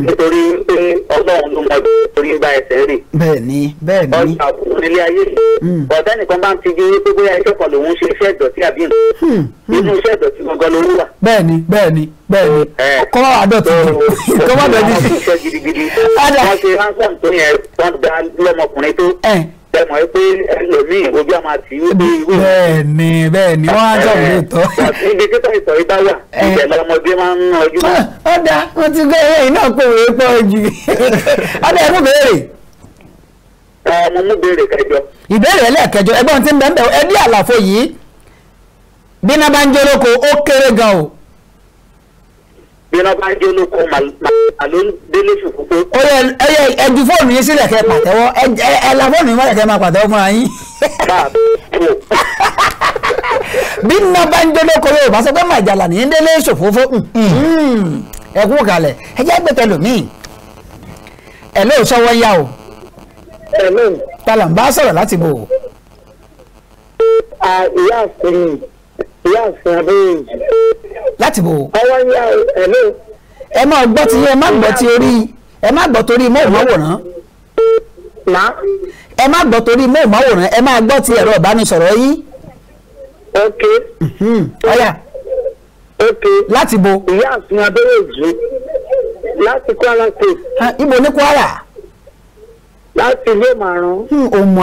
nítorí pé ọlọ́run ló máa torí bá ẹsẹ̀ rìn. bẹ́ẹ̀ni bẹ́ẹ̀ni. ọjà òkùnkùn nílé ayé yìí. Hmm. ọ̀dà nìkan bá ń tijú wípé bóyá iṣẹ́ kan lòun ṣe iṣẹ́ ìdọ̀tí àbí nǹkan. Hmm, hmm. inú iṣẹ́ ìdọ̀tí gangan ló wà. bẹ́ẹ̀ni bẹ́ẹ̀ni bẹ́ẹ̀ni eh, eh. kọ́ wà dọ̀tí kọ́ wà dọ̀tí. wọ́n ẹ mọ̀ pé ẹlòmíì ojú àmà tí ó dé ìwé. bẹ́ẹ̀ni bẹ́ẹ̀ni wọn á jọ òun tọ. ibi títà ìtọ̀ yìí bá wà ìbẹ̀lẹ̀ ọmọdé máa ń ná ojú náà. ó dáa wọn ti gbé eré iná pé òwe pọ̀ jù ọdẹ ẹ mú béèrè. mo mú béèrè kẹjọ. ìbéèrè ẹlẹ́ẹ̀kẹjọ ẹgbọ́n ti
ń bẹ̀ ń ẹ bí àlàfo yìí bí náà bá ń jẹ́ lóko ó kéré gan o ìran bá jẹ́ olóko màlúù délé ṣùkúkú. ó yẹ ẹ yẹ ẹ ju fóònù yín sílẹ̀ kẹ́ pàtẹ́wọ́ ẹ ẹ la fóònù yín mọ́lẹ̀ kẹ́ máa pàtẹ́wọ́ fúnra yín. bí nná bá ń délé kọ́ yóò bá sọ pé màjàlá ní délé ṣòfófó mm, mm. ẹ kú kalẹ̀ ẹ jẹ́ gbẹ̀tẹ̀ lòmíì ẹ lóò sọ́wọ́ yá o. ẹ lóò. tala ń bá sọ̀rọ̀ láti bò.
ìyá àfẹ́yìn. láti bò.
ẹ máa gbọ́ ti ẹ má gbọ́ ti orí ẹ má gbọ́ torí ẹ má gbọ́ torí ẹ máa gbọ́ ti ẹ̀rọ ìbánisọ̀rọ̀ yín. ok. Mhm. ok. ìyá àfin abẹ́rẹ́ láti Kwara State. ibo ní Kwara láti ilé màrún. Hmm, yín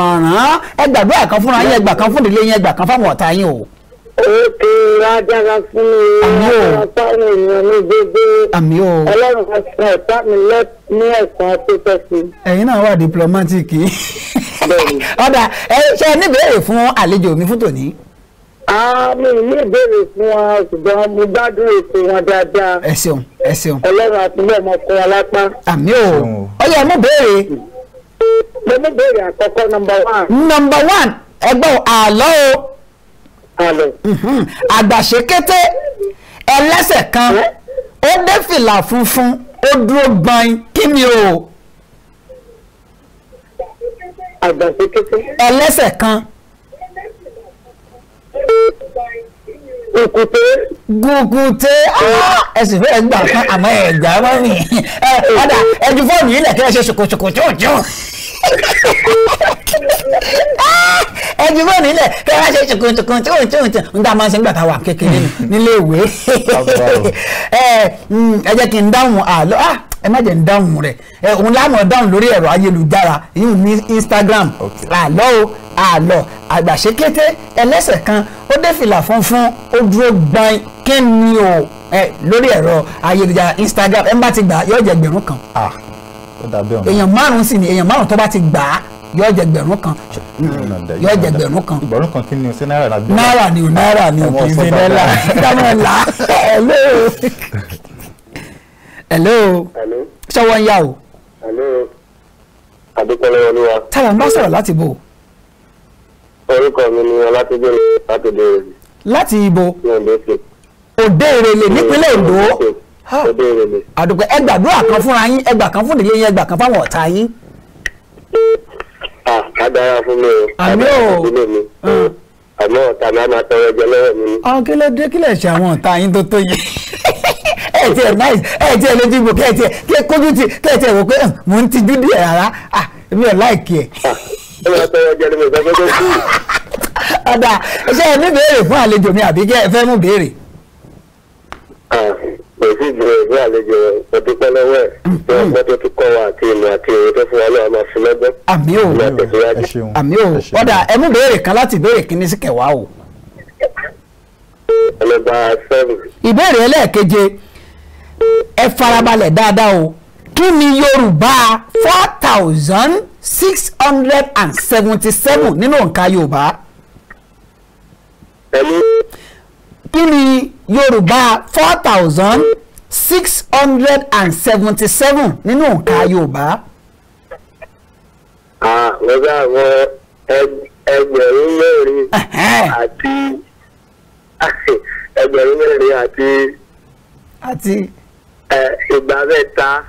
ọ̀tá yín o.
Òkè ajára fún mi, ajára fáwọn èèyàn ní gbogbo. Àmì o. Ọlọ́run á san ẹ̀ka mi lọ ní ẹ̀sán tó fẹ́
sí. Ẹ̀yin náà wà diplomatiki. Ọ̀dà ẹ ṣe ní ìbéèrè fún àlejò mi fún tòní. Àmì ní ìbéèrè fún wa ṣùgbọ́n mo gbádùn ètò wọn dáadáa. Ẹ ṣeun ẹ ṣeun. Ọlọ́run àtúbọ̀ mọ fún wa lápá. Àmì o. Ọyọ mo béèrè. Mo mú béèrè àkọ́kọ́ nọmba one. Nọmba one ẹgbọ́n àlọ́ o. Mhm. àgbàṣekété ẹlẹ́sẹ̀ kan ó dé fìlà funfun ó dúró gbọ̀n kí ni o.
àgbàṣekété ẹlẹ́sẹ̀ kan. gùkùté. gùkùté
ah! ẹ sì fẹ́ gbà kan àmọ́ ẹ gbà wọ́n mi ẹ
ọ̀dà ẹ ju fóònù yìí lẹ̀ ẹ ṣe
ṣòkòṣòkò tí ju fóònù ilẹ̀ kẹ́ wá ṣe tukun tukun tukun tukun tukun n ta máa ń ṣe nígbà tá a wà kékeré nílé ìwé mm, ẹ jẹ́ kí n dáhùn àlọ́ ah ẹ má jẹ́ ń dáhùn rẹ̀ ẹ òun láàmú dáhùn lórí ẹ̀rọ ayélujára yìí ní Instagram àlọ́ o àlọ́ àgbàṣekété ẹlẹ́sẹ̀ kan ó dé fìlà funfun ó dúró gbain kí ni o ẹ lórí ẹ̀rọ ayélujára Instagram ẹ má ti gbà yóò jẹ gbẹ̀rún kan èèyàn márùn-ún sì ni èèyàn márùn-ún tó bá ti gbà á yóò jẹ gbẹ̀rún kan yóò jẹ gbẹ̀rún kan.
gbẹ̀rún kan kí ni o ṣe náírà náà gbẹ̀rún. náírà ni o náírà ni o kì í ṣe náírà dámọ̀ là hello hello ṣọwọ́ ń yá o.
àdúpẹ́lẹ́ olúwa. tára ń bá sọ̀rọ̀ láti bò. orúkọ mi ni ọlátúndé láti dé èrè. láti ibo. òde èrèlè nípínlẹ̀ Ondo àdùpẹ́ ẹgbàdúrà
kan fúnra yín ẹgbà kan fún ìdílé yín ẹgbà kan fáwọn ọ̀tá yín.
Ah, agbára fún mi o àmì o àmọ́ ọ̀tá mi á ah. hmm. máa tọrọ ẹjẹ lọ́wọ́ mi. ọ̀hún
ah, kí ló dé kí lè ṣe àwọn ọ̀tá yín tó tó yẹ ẹ tiẹ̀ náà ẹ tiẹ̀ lójú ibò kẹ́ ẹ tiẹ̀ kí ẹ kójú ti kẹ́ ẹ tiẹ̀ wò pé mò ń tijú díẹ̀ rárá èmi ò láìkí ẹ̀.
ẹ máa tọrọ ẹjẹ ni mo sọ pé kó kú.
ọ̀dà ṣé ẹ ní béèrè fún àlejò mi àbí kẹ́ ẹ fẹ́ mú béèrè
bẹ̀sí ìjìnlẹ̀ ìgbé àlejò ọdúpẹ́ lọ́wọ́ ẹ̀ tí wọ́n gbọ́dọ̀ tó kọ́ wa àti ìmọ̀ àti èrò tó fún wa lọ́wọ́ máa fi lọ́gbọ́n. àmì ò
àmì ò ọ̀dà ẹ mú béèrè kan láti ìbéèrè kínní sí kẹwàá o. ìbéèrè ẹlẹ́ẹ̀keje ẹ farabalẹ̀ dáadáa o kí ni yorùbá four thousand six hundred and seventy seven nínú òǹkà yorùbá ìpínlẹ̀ yorùbá four thousand six hundred and seventy seven nínú òǹkà yorùbá.
àgbẹ̀dẹ àwọn ẹgbẹ̀rún mẹ́rin àti ẹgbẹ̀rún mẹ́rin àti àti ìgbà mẹ́ta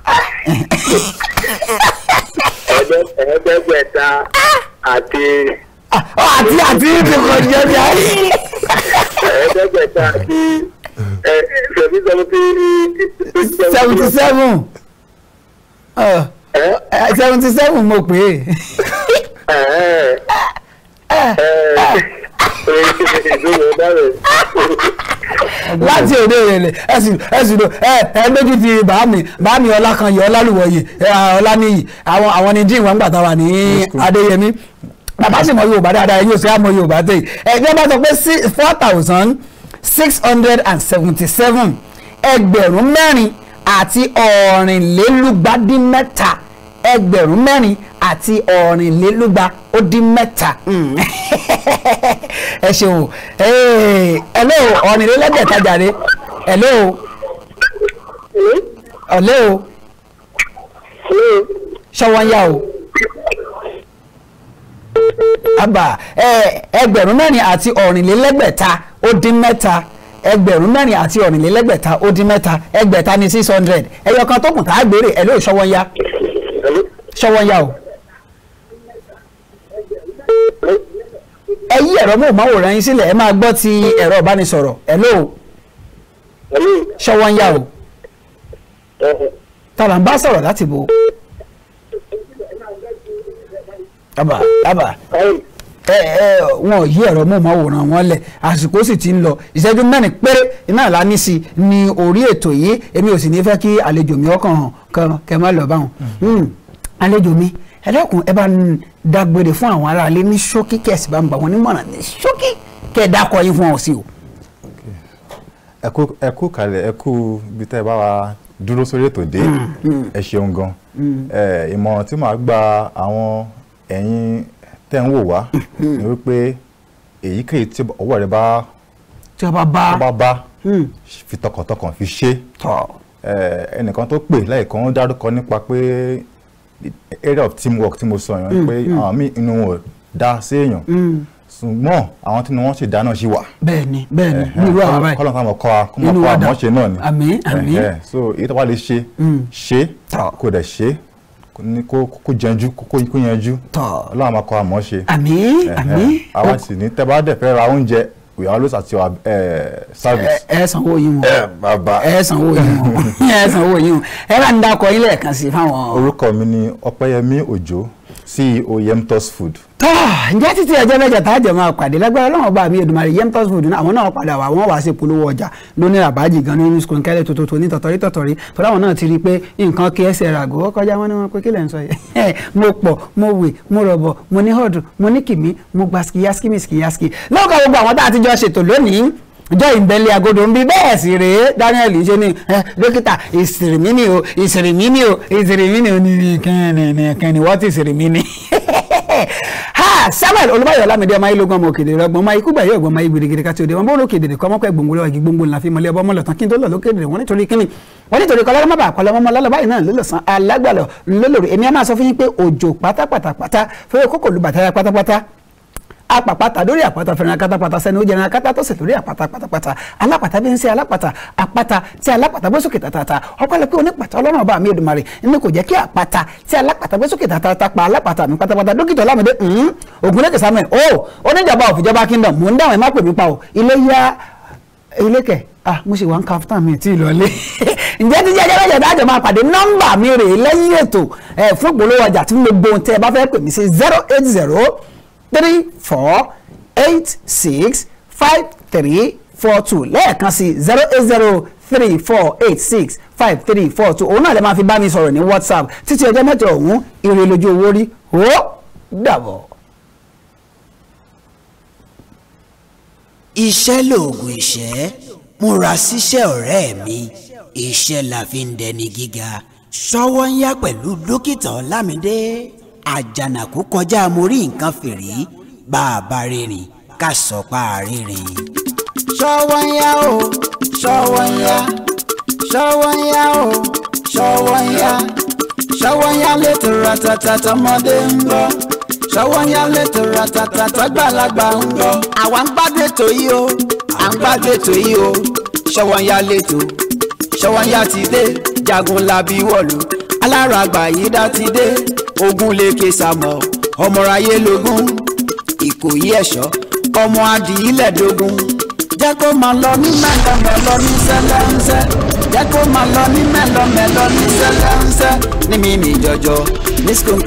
ẹ̀ẹ́dẹ́gbẹ̀ta ah, àti. àti àti ìdìbò jẹ́ bí i. ẹ̀ẹ́dẹ́gbẹ̀ta ṣẹ̀bí oh. eh? seventy seven seventy seven mo pè é
láti òde ìrẹ̀lẹ̀ ẹ̀sìn ẹ̀sìn ló ẹ ẹ lójú ti bàámi bàámi ọlá kan yìí ọlálùwọ̀yì ọlánìyì àwọn àwọn ni dín ìwọ̀n gbàtà wà ní adéyẹmí bàbá sì mọ yorùbá dáadáa ẹ̀yin òsì àmọ́ yorùbá tẹ ẹgbẹ́ bá sọ pé four thousand six hundred and seventy seven ẹgbẹ̀rún mẹ́rin àti ọ̀rìnlélúgba dín mẹ́ta ẹgbẹ̀rún mẹ́rin àti ọ̀rìnlélúgba ó dín mẹ́ta hmm. ẹ ṣeun ẹ̀lẹ́ o ọ̀rìnlélẹ́gbẹ̀ta jàre ẹ̀lẹ́ o ọ̀lẹ́ o ṣọwọ́n yá o àbà ẹgbẹ̀rún mẹ́rin àti ọ̀rìnlélẹ́gbẹ̀ta ó dín mẹ́ta ẹgbẹ̀rún mẹ́rin àti ọ̀rìnlélẹ́gbẹ̀ta ó dín mẹ́ta ẹgbẹ̀ta ní six hundred ẹyọ kan tó kù tá a gbére ẹ̀ lóò ṣọwọ́ ya ṣọwọ́ ya o. ẹ yí ẹ̀rọ mọ̀ọ́mọ́wòrán yín sílẹ̀ ẹ máa gbọ́ ti ẹ̀rọ ìbánisọ̀rọ̀ ẹ̀ lóò ṣọwọ́ ya o. tàlà ń sọ̀rọ̀ láti bò ó dábàá dábàá ẹ ẹ wọn yí ẹ̀rọ mọ́wòrán wọn lẹ̀ àsìkò sì ti ń lọ ìṣẹ́jú mẹ́rin péré iná ìlànà sí ni orí ètò yìí èmi ò sì ní fẹ́ kí àlejò mi ọkàn hàn kan kẹ má lọ bá wọn. Hmm. Hmm. àlejò mi ẹ dákun ẹ bá ń dágbére fún àwọn aráalé ní ṣókí kẹsì bá ń bá wọn nímọ̀ràn ní ṣókí kẹ dákọ yín fún ọ sí o.
ẹ kú kalẹ̀ ẹ kú bí tẹ́ ẹ bá wa dúró sórí ètò dé hmm. ẹ ṣeun gan ìmọ̀ràn tí màá gba àwọn ẹ̀yin tẹ́ ń wò wá hmm. ni wípé èyíkéyìí tí ọwọ́ rẹ bá tí a bá bá a bá bá hmm. fi tọkàntọkàn fi ṣe ẹnìkan tó pè láìkan ó dárúkọ nípa pé area of teamwork tí mo sọ yẹn hmm, pé àwọn míì inú wọn dá sí èèyàn ṣùgbọ́n àwọn tí wọ́n ṣe dáná ṣì wà.
bẹ́ẹ̀ni bẹ́ẹ̀ni ní irú àwọn báyìí kọlọ táwọn
kọ akọ mọ kọ ṣe náà ni so èyí tó wà lè ṣe ṣe kò dẹ̀ ṣe ní kó jẹnjú kó yanjú ọlọ́run máa kọ́ àmọ́ ṣe. àmín àmín. àwa sì ní tẹ́ bá dẹ̀ fẹ́ ra oúnjẹ we always at your uh, service. ẹ sanwó yín wọn eh, bàbá ẹ sanwó yín wọn ẹ sanwó yín wọn ẹ bá ń dákọ ilé ẹ̀kan sí fáwọn. orúkọ mi ni ọpẹ́yẹmí òjó CEO Yemtos Food. tó ǹjẹ́ títí ẹjẹ́ mẹ́jọ tá a jẹ̀ máa pàdé
lágbára lọ́wọ́ bá mi Èdùmàrè Yemtos Food náà àwọn náà padà wá wọ́n wá sí polówó ọjà lónìí àbájì gan ní sukùn kẹ́lẹ́ tòótọ́ ní tọ̀tọ̀rí tọ̀tọ̀rí tọ́lá wọn náà ti rí i pé nǹkan kí ẹsẹ̀ rà gò kọjá wọn ni wọn pé kí lẹ̀ ń sọ yẹn mo pọ̀ mo wè mo rọ̀bọ̀ mo ní họ̀dù mo ní kìmí mo gba skiyaski skiyaski lọ́kọ̀ gbogbo àwọn tá a ti jọ ṣètò lónìí Joy Mbele Agodo ń bí bẹ́ẹ̀ sì rèé Daniel ṣe ni dókítà ìsìrìmí o ìsìrìmí o ìsìrìmí ni o ní kẹ́nìkẹ́nì wọ́n ti ìsìrìmí ni. Samuel Olúbáyọ̀ Lámídé ọmọ ayé lógún ọmọ òkèdèrè ọgbọ̀n ọmọ ikú gbàyè ọgbọ̀n ọmọ ayé gbèrègèrè káti òde wọn bó ló kédèrè kọ́ mọ́pẹ́ gbòǹgbò lọ́wọ́ gbòǹgbò ńlá fi mọ́lẹ́ ọbọ̀ mọ́lẹ̀ tán kí n tó lọ lókèdèrè wọn nítorí kíni wọn nítorí kọ́ lọ́lọ́mọ́ bá kọ́lọ́mọ́ mọ́ lọ́lọ́ báyìí náà lọ́lọ́sàn alágbàlọ́ lọ́lọ́rọ̀ èmi á máa sọ fún yín pé òjò pátápátápátá fẹ́rẹ́ kókò lù bàtà pátápátá apàpàtà lórí àpàtà fẹ̀ràn akátápàtà sẹ́ni ó jẹun akátá tó sì lórí àpàtà pátápátá alápàtà bí ń ṣe alápàtà àpàtà tí alápàtà bó sókè tàtàtà ọpẹ́lọpẹ́ onípàtà ọlọ́run ọba mi Èdùmàrè ní kò jẹ́ kí àpàtà tí alápàtà bó sókè tàtàtà pa alápàtà mi pátápátá dókítà ọlámídé hmm, ògúnlẹ̀kẹ̀ samuel o oh, oníjàmbá òfìjọba kingdom mò ń dáhùn ẹ̀ má pè o ilé yá ilé kẹ̀ ah mo ṣe wà ń kaftan mi tí ìlọlé ǹjẹ́ tí jẹ́jẹ́ bẹ́jẹ̀ dájọ́ máa pàdé nọ́mbà mi rèé lẹ́yìn ètò fún ìpolówó ọjà tí mo gbóhùn tẹ́ ẹ bá fẹ́ pè mí sí zero eight zero three four eight six five three four two lẹ́ẹ̀kan sí zero eight zero three four eight six five three four two òun náà lè máa fi bá mi sọ̀rọ̀ ní whatsapp títí ọjọ́ mẹ́jọ ọ̀hún ire lójú owó rí ó dàbọ̀. iṣẹ́ lóògùn ìṣẹ́ múra síṣẹ́ ọ̀rẹ́ mi iṣẹ́ la fi ń dẹni gíga ṣọwọ́ ń yá pẹ̀lú dókítà Ọlámidé àjànàkú kọjá mo rí nǹkan fèrè bá a bá rìnrìn ká sọ pa àrìnrìn.
ṣọwọ́ ń yá o ṣọwọ́ ń yá ṣọwọ́ ń yá o ṣọwọ́ ń yá ṣọwọ́ ń yá létò ratata tọmọdé ń gbọ́ ṣọwọ́ ń yá létò ratata tọgbàlagbà ń gbọ́. àwa ń gbádùn ètò yìí o à ń gbádùn ètò yìí o ṣọwọ́ ń yá ti dé jagun labi wọ̀lú alára àgbà yìí dá ti dé Ogunléke Samuel ọmọráyé logun, Ìkòyí ẹ̀ṣọ́ ọmọ adìyílẹ̀ dógún jẹ́ kó máa lọ ní mẹ́lọ́mẹ́lọ́ ní sẹ́lẹ̀ńsẹ́ jẹ́ kó máa lọ ní mẹ́lọ́mẹ́lọ́ ní sẹ́lẹ̀ńsẹ́ ní mímí jọjọ ní
skunkẹ́.